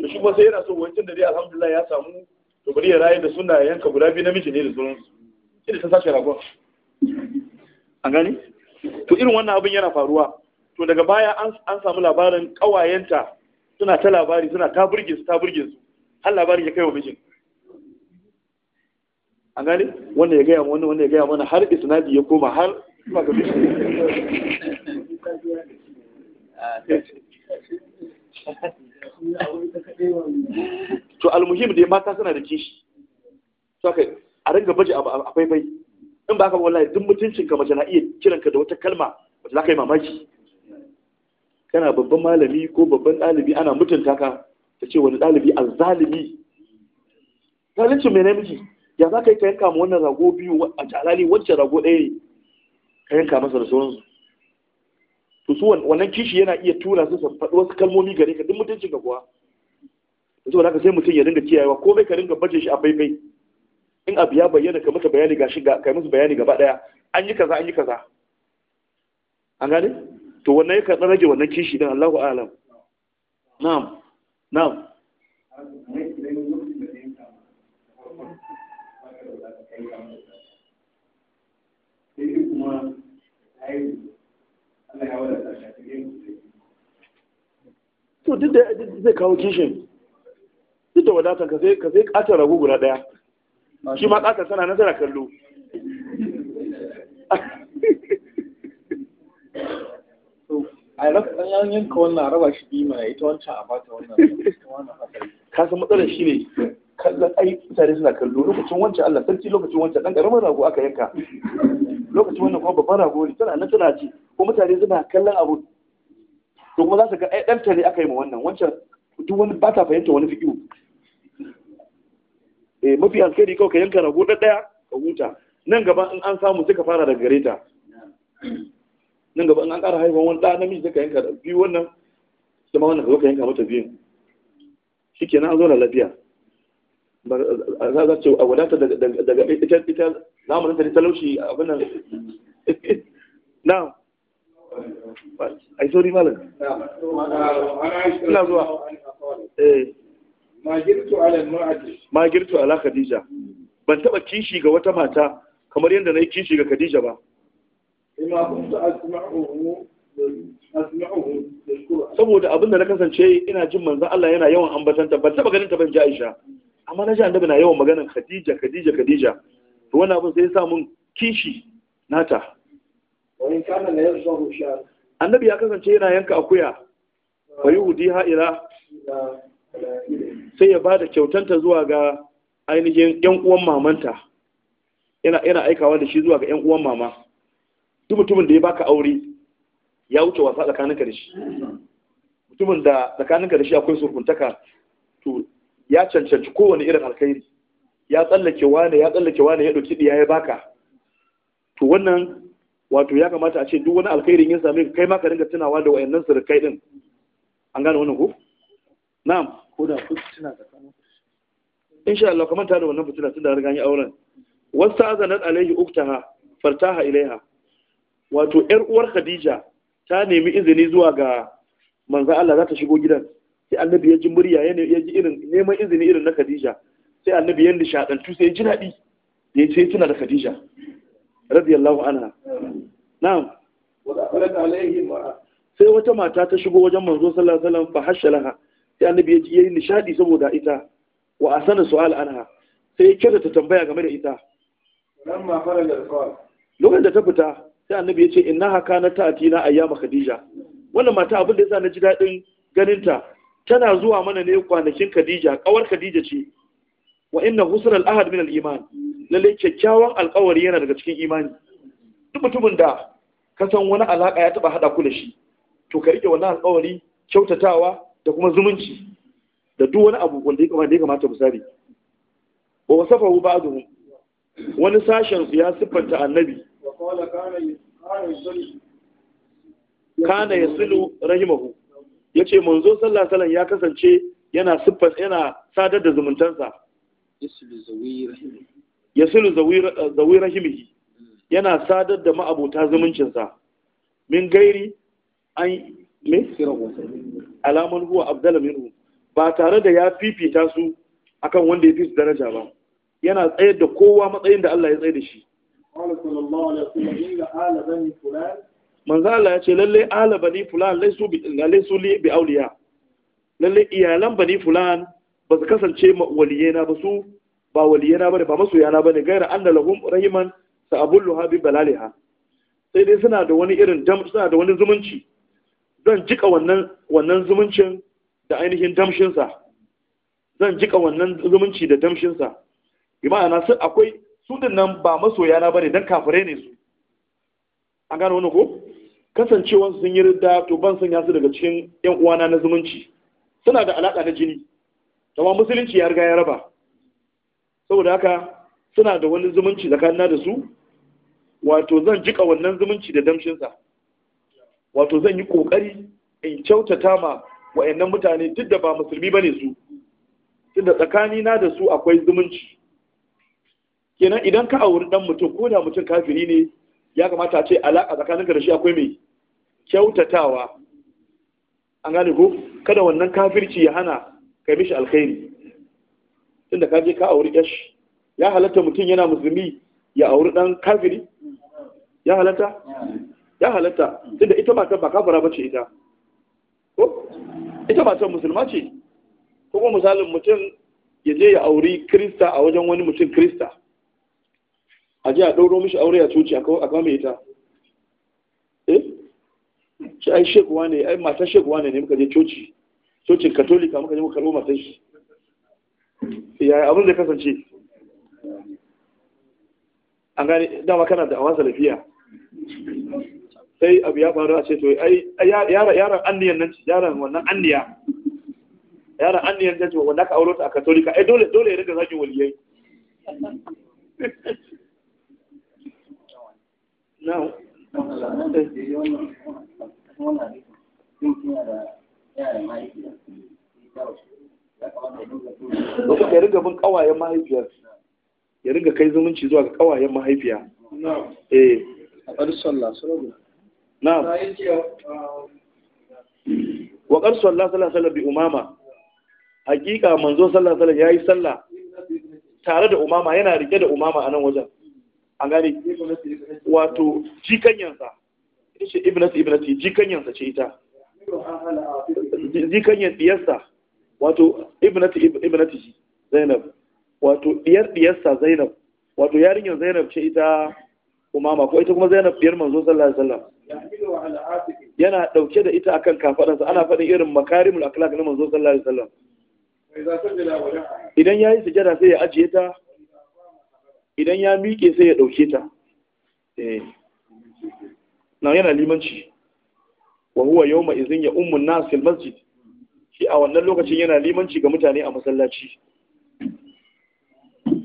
to shi kuma sai yana so wancan da dai alhamdulillah ya samu to bari ya da suna yanka guda biyu namiji ne da sunan shi da ta sace ragon an gani? to irin wannan abin yana faruwa to daga baya an samu labarin kawayenta suna ta labari suna ta burge su ta burge su har labarin ya kai wa mijin an gane wanda ya gaya wani wanda ya gaya mana har isnadi ya koma har to almuhim ya mata suna da kishi to kai, a ringa baje a faifai in ba ka ba wallahi duk mutuncin ka mace na iya kiranka da wata kalma wacce za ka yi mamaki kana babban malami ko babban ɗalibi ana mutunta ka ta ce wani ɗalibi azzalimi zalincin mai namiji ya za ka yi ka yanka ma wannan rago biyu a jalali wacce rago ɗaya ne ka yanka masa da sauransu to su wannan kishi yana iya tura su faɗi wasu kalmomi gare ka duk mutuncin ka kuwa saboda haka sai mutum ya dinga kiyayewa ko bai ka dinga bace shi a faifai in abu ya bayyana ka masa bayani ga shi kai masa bayani gaba ɗaya. an yi kaza an yi kaza an gane to wannan ya karɓi rage wannan kishi din Allahu a'lam na'am na'am alkhairi to duk da zai kawo kishin duk da wadatar ka sai ka ragu guda ɗaya, shi ma ƙasar tana nasara kallo a yi dan yan yanka wannan a raba shi biyu mana ita wancan a bata wannan ka san matsalar shi ne kallon ai mutane suna kallo lokacin wancan Allah sarki lokacin wancan dan karamin rago aka yanka lokacin wannan kuma babban rago ne tana nan tana ci ko mutane suna kallon abu to kuma za su ga ai dan tare aka yi ma wannan wancan duk wani ba ta fahimta wani fiƙiu eh mafi alkhairi kawai ka yanka rago ɗaya ka huta nan gaba in an samu sai ka fara daga gare ta nan gaba in an ƙara haifan wani ɗa namiji sai ka yanka biyu wannan ma wannan ka zo ka yanka mata biyun shikenan an zo da lafiya za ta ce a wadata daga ita zamanin da talauci abin nan na ai sorry malam ina zuwa eh. ma girtu ala khadija ban taba kishi ga wata mata kamar yadda na yi kishi ga khadija ba saboda abinda na kasance ina jin manzan Allah yana yawan ambatanta ban taba ganin ta ban ji Aisha amma na ji annabi na yawan maganar Khadija Khadija Khadija to wani abin sai ya sa kishi nata annabi ya kasance yana yanka akuya bayu hudi ha'ira sai ya bada kyautanta zuwa ga ainihin yan uwan mamanta yana yana aikawa da shi zuwa ga yan uwan mama duk mutumin da ya baka aure ya wuce wasa tsakaninka da shi mutumin da tsakaninka da shi akwai surkuntaka to ya cancanci kowane irin alkhairi ya tsallake wane ya tsallake wane ya ɗauki ɗiya ya baka to wannan wato ya kamata a ce duk wani alkhairin ya same ka kai ma ka ringa tunawa da wayannan surukai din an gane wannan ko na'am ko da ku tuna da kan insha Allah kamar ta da wannan fitina tun da riga yi auren wasta azanat alaihi uktaha fartaha ilaiha wato yar uwar Khadija ta nemi izini zuwa ga manzo Allah za ta shigo gidan sai annabi ya ji murya ya ji irin neman izini irin na Khadija sai annabi ya nishadantu sai ji daɗi da ya ce tuna da khadija radiyallahu anha na'am sai wata mata ta shigo wajen manzo sallallahu alaihi wasallam fa hashalaha sai annabi ya yi nishadi saboda ita wa asana su'al anha sai ya kyauta ta tambaya game da ita ma faraja qala lokacin da ta fita sai annabi ya ce innaha kanat ta'tina ayyama khadija wannan mata abin da yasa na ji dadin ganinta tana zuwa mana ne kwanakin khadija kawar khadija ce wa inna husn al-ahad min al-iman lalle kyakkyawan alƙawari yana daga cikin imani duk mutumin da ka san wani alaka ya taba hada ku da shi to ka rike wannan alƙawari kyautatawa da kuma zumunci da duk wani abu wanda ya kamata sani wa wasafahu ba'dhum wani sashen su ya siffanta annabi kana ya rahimahu ya ce sallallahu sallah wasallam ya kasance yana siffa yana sadar da zumuntansa Ya sulu zawi rahimihi eh, hmm. yana sadar da ma'abuta zumuncinsa min gairi an me alaman huwa abdala minhu ba tare da ya fifita su akan wanda ya fi su daraja ba yana tsayar da kowa matsayin da Allah ya tsaye da shi manzo Allah ya ce lalle ala bani fulan laisu bi laisu li bi auliya lalle iyalan bani fulan ba su kasance waliyena ba su ba waliyena ne ba ba ne gaira da lahum rahiman sa'abullu habi balaliha sai dai suna da wani irin dam suna da wani zumunci zan jika wannan wannan zumuncin da ainihin damshinsa. zan jika wannan zumunci da damshinsa sa bi ma'ana sai akwai su nan ba masoyana bane dan kafirai ne su an gano wani ko kasancewa sun yi ridda to ban sanya su daga cikin yan uwana na zumunci suna da alaka na jini kuma musulunci ya riga ya raba saboda haka suna da wani zumunci tsakanina da su wato zan jika wannan zumunci da damshinsa wato zan yi kokari in kyautata ma wayannan mutane duk da ba musulmi bane su tunda tsakanina da su akwai zumunci kenan idan ka auri dan mutum ko da mutum kafiri ne ya kamata a ce alaka tsakanin da shi akwai mai kyautatawa an gane ko kada wannan kafirci ya hana kai mishi alkhairi tunda ka je ka auri yash ya halatta mutum yana musulmi ya auri dan kafiri ya halatta ya halatta tunda ita matan ba kafara bace ita ko ita matan musulma ce ko kuma misalin mutum ya je ya auri krista a wajen wani mutum krista a je a ɗauro mishi aure a coci a kawo mai ita eh shi ai shekuwa ne ai matan shekuwa ne ne muka je coci cocin katolika muka yi muka karɓo matan shi yaya abin zai kasance an gani dama kana da awansa lafiya sai abu ya faru a ce to ai yaran anniyan nan ci yaran wannan anniya yaran anniyan ta ce wanda ka aure ta a katolika ai dole dole ya riga zagin waliyai na'am Domin ya riga bin ƙawayen mahaifiyar, ya riga kai zumunci zuwa ga ƙawayen mahaifiya. Eh. Na'am. Wa um, qad sallallahu alaihi wasallam bi umama. Hakika manzo sallallahu alaihi yayi sallah tare da umama yana rike da umama a nan wajen. An gane wato jikanyansa. Ita ce ibnati ibnati jikanyansa ce ita. jikan yin diyarsa wato ibnati zainab wato diyar diyarsa zainab wato yarinyar zainab ce ita umama ko ita kuma zainab biyar manzo sallallahu alaihi wasallam yana dauke da ita akan kafadansa ana faɗin irin makarimul akhlaq na manzo sallallahu alaihi wasallam idan ya yi sujada sai ya ajiye ta idan ya miƙe sai ya ɗauke ta eh. na yana limanci wa huwa yawma izin ya ummun nas fil masjid shi a wannan lokacin yana limanci ga mutane a masallaci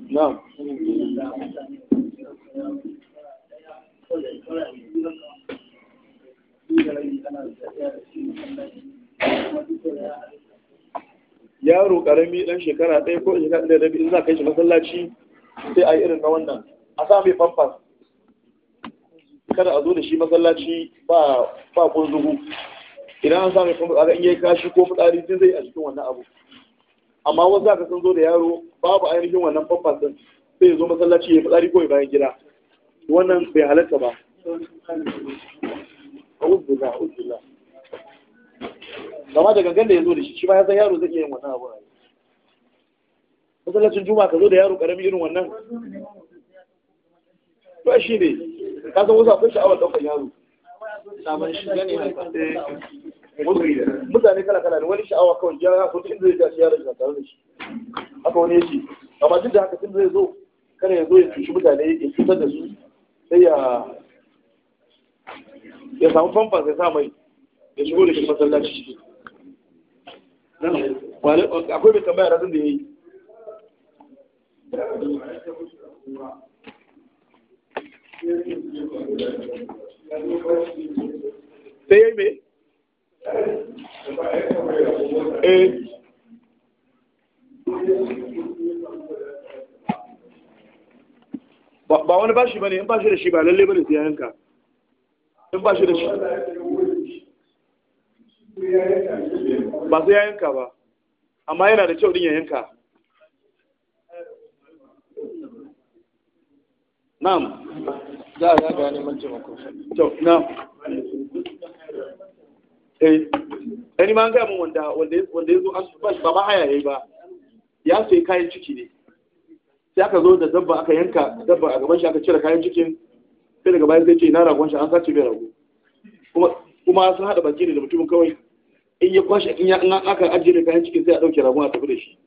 na'am yaro karami dan shekara ɗaya ko shekara ɗaya da in za kai shi masallaci sai a irin na wannan a sa mai famfas kada a zo da shi masallaci ba ba kunzugu idan an samu kuma kaga in kashi ko fitsari din zai a cikin wannan abu amma wasu aka sun zo da yaro babu ainihin wannan famfas din sai ya zo masallaci ya fitsari ko ya bayan gida wannan bai halatta ba gama da gangan da ya zo da shi shi ma ya san yaro zai iya yin wannan abu masallacin juma'a ka zo da yaro karami irin wannan to shi ne ka san wasu akwai sha'awar ɗaukar yaro sabon shiga ne eh, mutane kala kala ne wani sha'awa kawai ya ya kuɗi zai ja yaron shi tare da shi haka wani yake amma duk da haka tun zai zo kada ya zo ya cuci mutane ya cutar da su sai ya ya samu famfan sai sa mai ya shigo da shi masallaci akwai mai tambaya razin da ya yi sai ya yi ba wani bashi bane in bashi da shi ba lalle bane sai yanka in bashi da shi ba sai yanka ba amma yana da kyau din ya yanka na'am za a shiga neman taimako na eh, eh ma an ga mun wanda wanda wanda yazo an ba ba ma haya yayi ba ya sai kayan ciki ne sai aka zo da dabba aka yanka dabba a gaban shi aka cire kayan cikin sai daga bayan zai ce na ragon shi an sace bai rago kuma sun haɗa baki ne da mutumin kawai in ya kwashe in ya aka ajiye da kayan cikin sai a ɗauke ragon a tafi da shi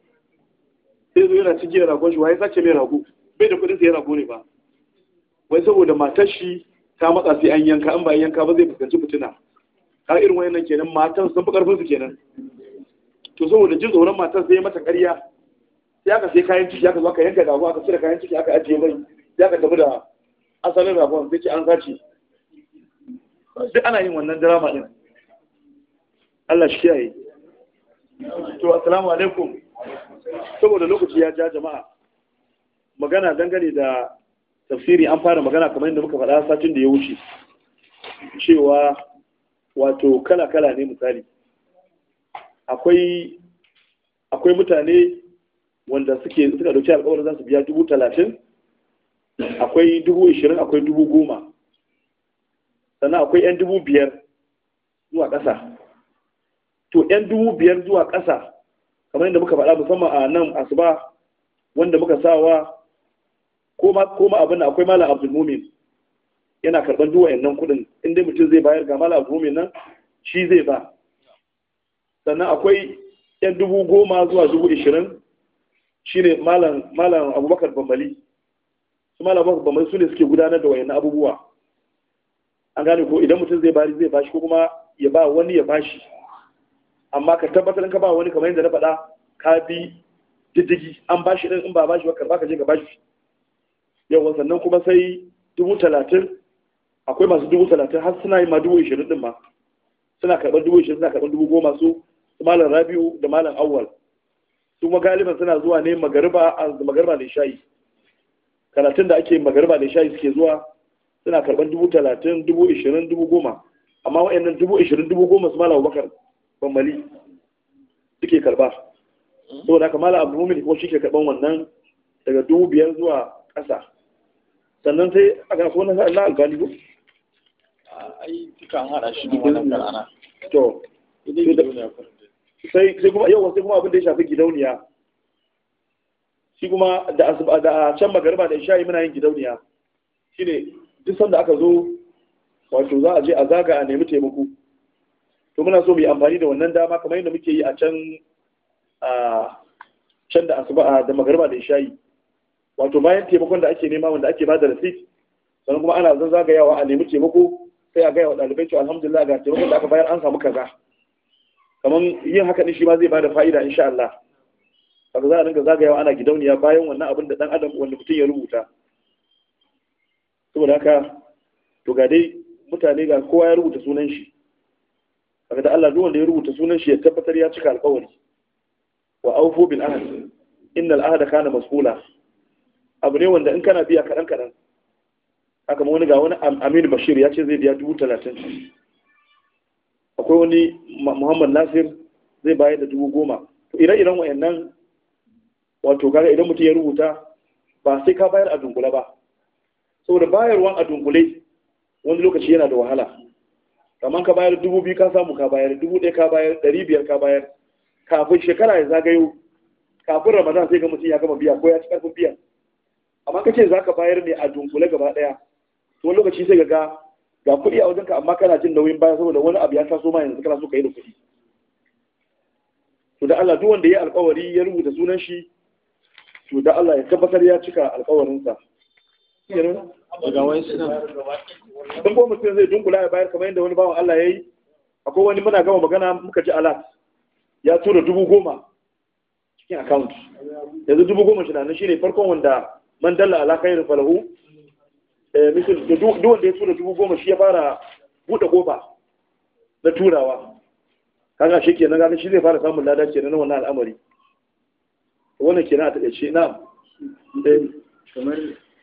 sai zo yana cikin ragon shi waye sace mai rago bai da kuɗin sai rago ne ba wai saboda matar shi ta matsa sai an yanka an ba yanka ba zai fuskanci fitina har irin wayannan kenan matan sun fi karfin su kenan to saboda jin tsoron matan sai mata ƙarya sai aka sai kayan ciki aka zo aka yanka rago aka cire kayan ciki aka ajiye mai sai aka tafi da asalin ragon sai ce an sace duk ana yin wannan drama din Allah shi kiyaye to assalamu alaikum saboda lokaci ya ja jama'a magana dangane da tafsiri an fara magana kamar yadda muka faɗa satin da ya wuce cewa wato kala-kala ne misali akwai akwai mutane wanda suke suka dauki alƙawarin za su biya dubu talatin akwai dubu ishirin akwai dubu goma sannan akwai yan dubu biyar zuwa ƙasa to yan dubu biyar zuwa ƙasa kamar yadda muka faɗa musamman a nan asuba wanda muka sawa ko ma abin akwai malam abdul mumin yana karban duwa yannan kuɗin inda mutum zai bayar ga malam abdul mumin nan shi zai ba sannan akwai yan dubu goma zuwa dubu ishirin shine malam malam abubakar bambali su malam abubakar bambali su ne suke gudanar da wayannan abubuwa an gane ko idan mutum zai bari zai bashi ko kuma ya ba wani ya bashi amma ka tabbatar ka ba wani kamar yadda na faɗa ka bi diddigi an bashi din in ba bashi ba karba ka je ka bashi yawan sannan kuma sai dubu talatin akwai masu dubu talatin har suna yi ma dubu ishirin din ma suna karɓar dubu ishirin suna karɓar dubu goma su malam rabiu da malam awwal su magaliban suna zuwa ne magariba a magariba da shayi karatun da ake magariba da shayi suke zuwa suna karɓar dubu talatin dubu ishirin dubu goma amma wa'annan dubu ishirin dubu goma su malam abubakar bambali suke karɓa saboda haka malam abu mumin kuma shi ke karɓar wannan daga dubu biyar zuwa ƙasa sannan sai a ga sunan na alkali ko ai duka an hada shi wannan ana to sai sai kuma yau sai kuma abin da ya shafi gidauniya shi kuma da asuba da can magariba da isha'i muna yin gidauniya shine duk sanda aka zo wato za a je a zaga a nemi taimako to muna so mu yi amfani da wannan dama kamar yadda muke yi a can a can da asuba da magariba da isha'i wato bayan taimakon da ake nema wanda ake bada rasit sannan kuma ana zan zagayawa a nemi taimako sai a gaya wa ɗalibai cewa alhamdulillah ga taimakon da aka bayar an samu kaza kamar yin haka ne shi ma zai bada fa'ida insha Allah kaga za a dinga zagayawa ana gidauniya bayan wannan abin da dan adam wanda mutum ya rubuta saboda haka to ga dai mutane ga kowa ya rubuta sunan shi ga da Allah duk wanda ya rubuta sunan shi ya tabbatar ya cika alƙawari wa aufu bil ahd innal ahda kana mas'ula abu ne wanda in kana biya kaɗan kaɗan aka wani ga wani amin bashir ya ce zai biya dubu talatin akwai wani muhammad nasir zai bayar da dubu goma ire idan wayannan wato gaga idan mutum ya rubuta ba sai ka bayar a dunkule ba saboda bayarwan a dunkule wani lokaci yana da wahala kamar ka bayar dubu biyu ka samu ka bayar dubu ɗaya ka bayar ɗari biyar ka bayar kafin shekara ya zagayo kafin ramadan sai ga mutum ya gama biya ko ya ci ƙarfin biyan amma kace za ka bayar ne a dunkule gaba ɗaya to lokaci sai ga ga kuɗi a wajenka amma kana jin nauyin baya saboda wani abu ya taso ma yanzu kana so ka yi da kuɗi to da Allah duk wanda ya alƙawari ya rubuta sunan shi to da Allah ya tabbatar ya cika alƙawarinsa ga wani sun ko mutum zai dunkula ya bayar kamar yadda wani bawan Allah ya yi akwai wani muna gama magana muka ji alat ya tura dubu goma cikin account yanzu dubu goma shi na shi ne farkon wanda man dalla ala khairin falahu eh, misal da duk wanda ya tura dubu goma shi ya fara buɗe kofa na turawa kaga shi kenan kaga shi zai fara samun lada kenan na wannan al'amari wannan kenan a takaice na eh. kamar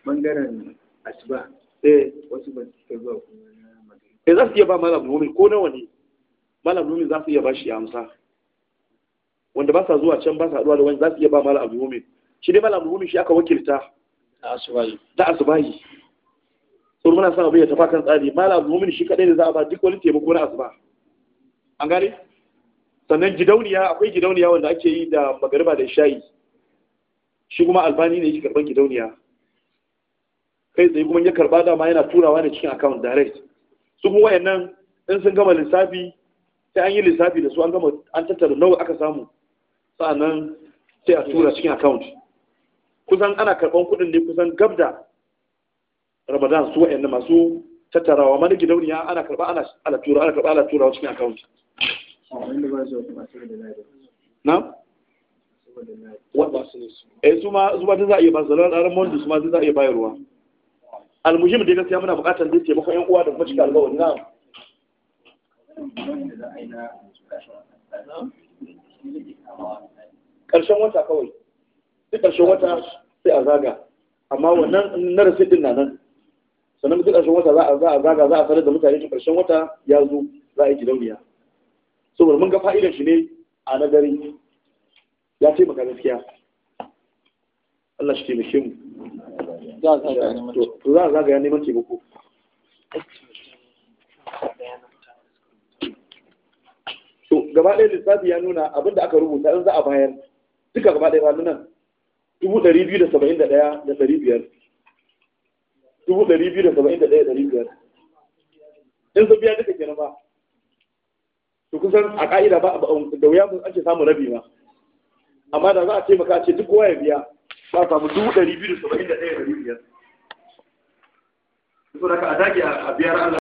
bangaren asuba eh wasu ba su zuwa kuma eh, za su iya ba malam nomi ko nawa ne malam nomi za su iya ba shi amsa wanda ba sa zuwa can ba sa haɗuwa da wani za su iya ba malam nomi shi dai malam nomi shi aka wakilta da asubahi sau muna sa bai tafa kan tsari mala mumin shi kaɗai da za a ba duk wani taimako na asuba an gane sannan gidauniya akwai gidauniya wanda ake yi da magariba da shayi shi kuma albani ne yake karban gidauniya kai tsaye kuma ya karba dama yana turawa ne cikin account direct su kuma wayannan in sun gama lissafi sai an yi lissafi da su an gama an tattara nawa aka samu sa'annan sai a tura cikin account kusan ana karɓar kuɗin ne kusan gab da ramadan su wa'annan masu tattarawa mana gidauniya ana karɓa ana ala tura ana karɓa ala tura cikin account na eh su ma su ta za a iya ba zalar ɗarar mondu su ma za a iya bayarwa almuhim da gaskiya muna buƙatar da taimakon yan uwa da kuma cika alƙawarin na ƙarshen wata kawai duk ƙarshen wata sai a zaga amma wannan na rasit din na nan sannan duk ƙarshen wata za a zaga za a sanar da mutane shi ƙarshen wata ya zo za a yi gidauniya saboda mun ga fa'idar shi ne a nagari ya ce maka gaskiya Allah shi taimake mu za a ya neman taimako gaba ɗaya lissafi ya nuna abinda aka rubuta in za a bayar duka gaba ɗaya ba nan dubu ɗari biyu da saba'in da ɗaya da ɗari biyar dubu ɗari biyu da saba'in da ɗaya da ɗari biyar in sun biya duka kenan ba to kusan a ƙa'ida ba da wuya mun ake samun rabi ma amma da za a taimaka a ce duk kowa ya biya za a samu dubu ɗari biyu da saba'in da ɗaya da ɗari biyar. Saboda ka a dage a biyar Allah.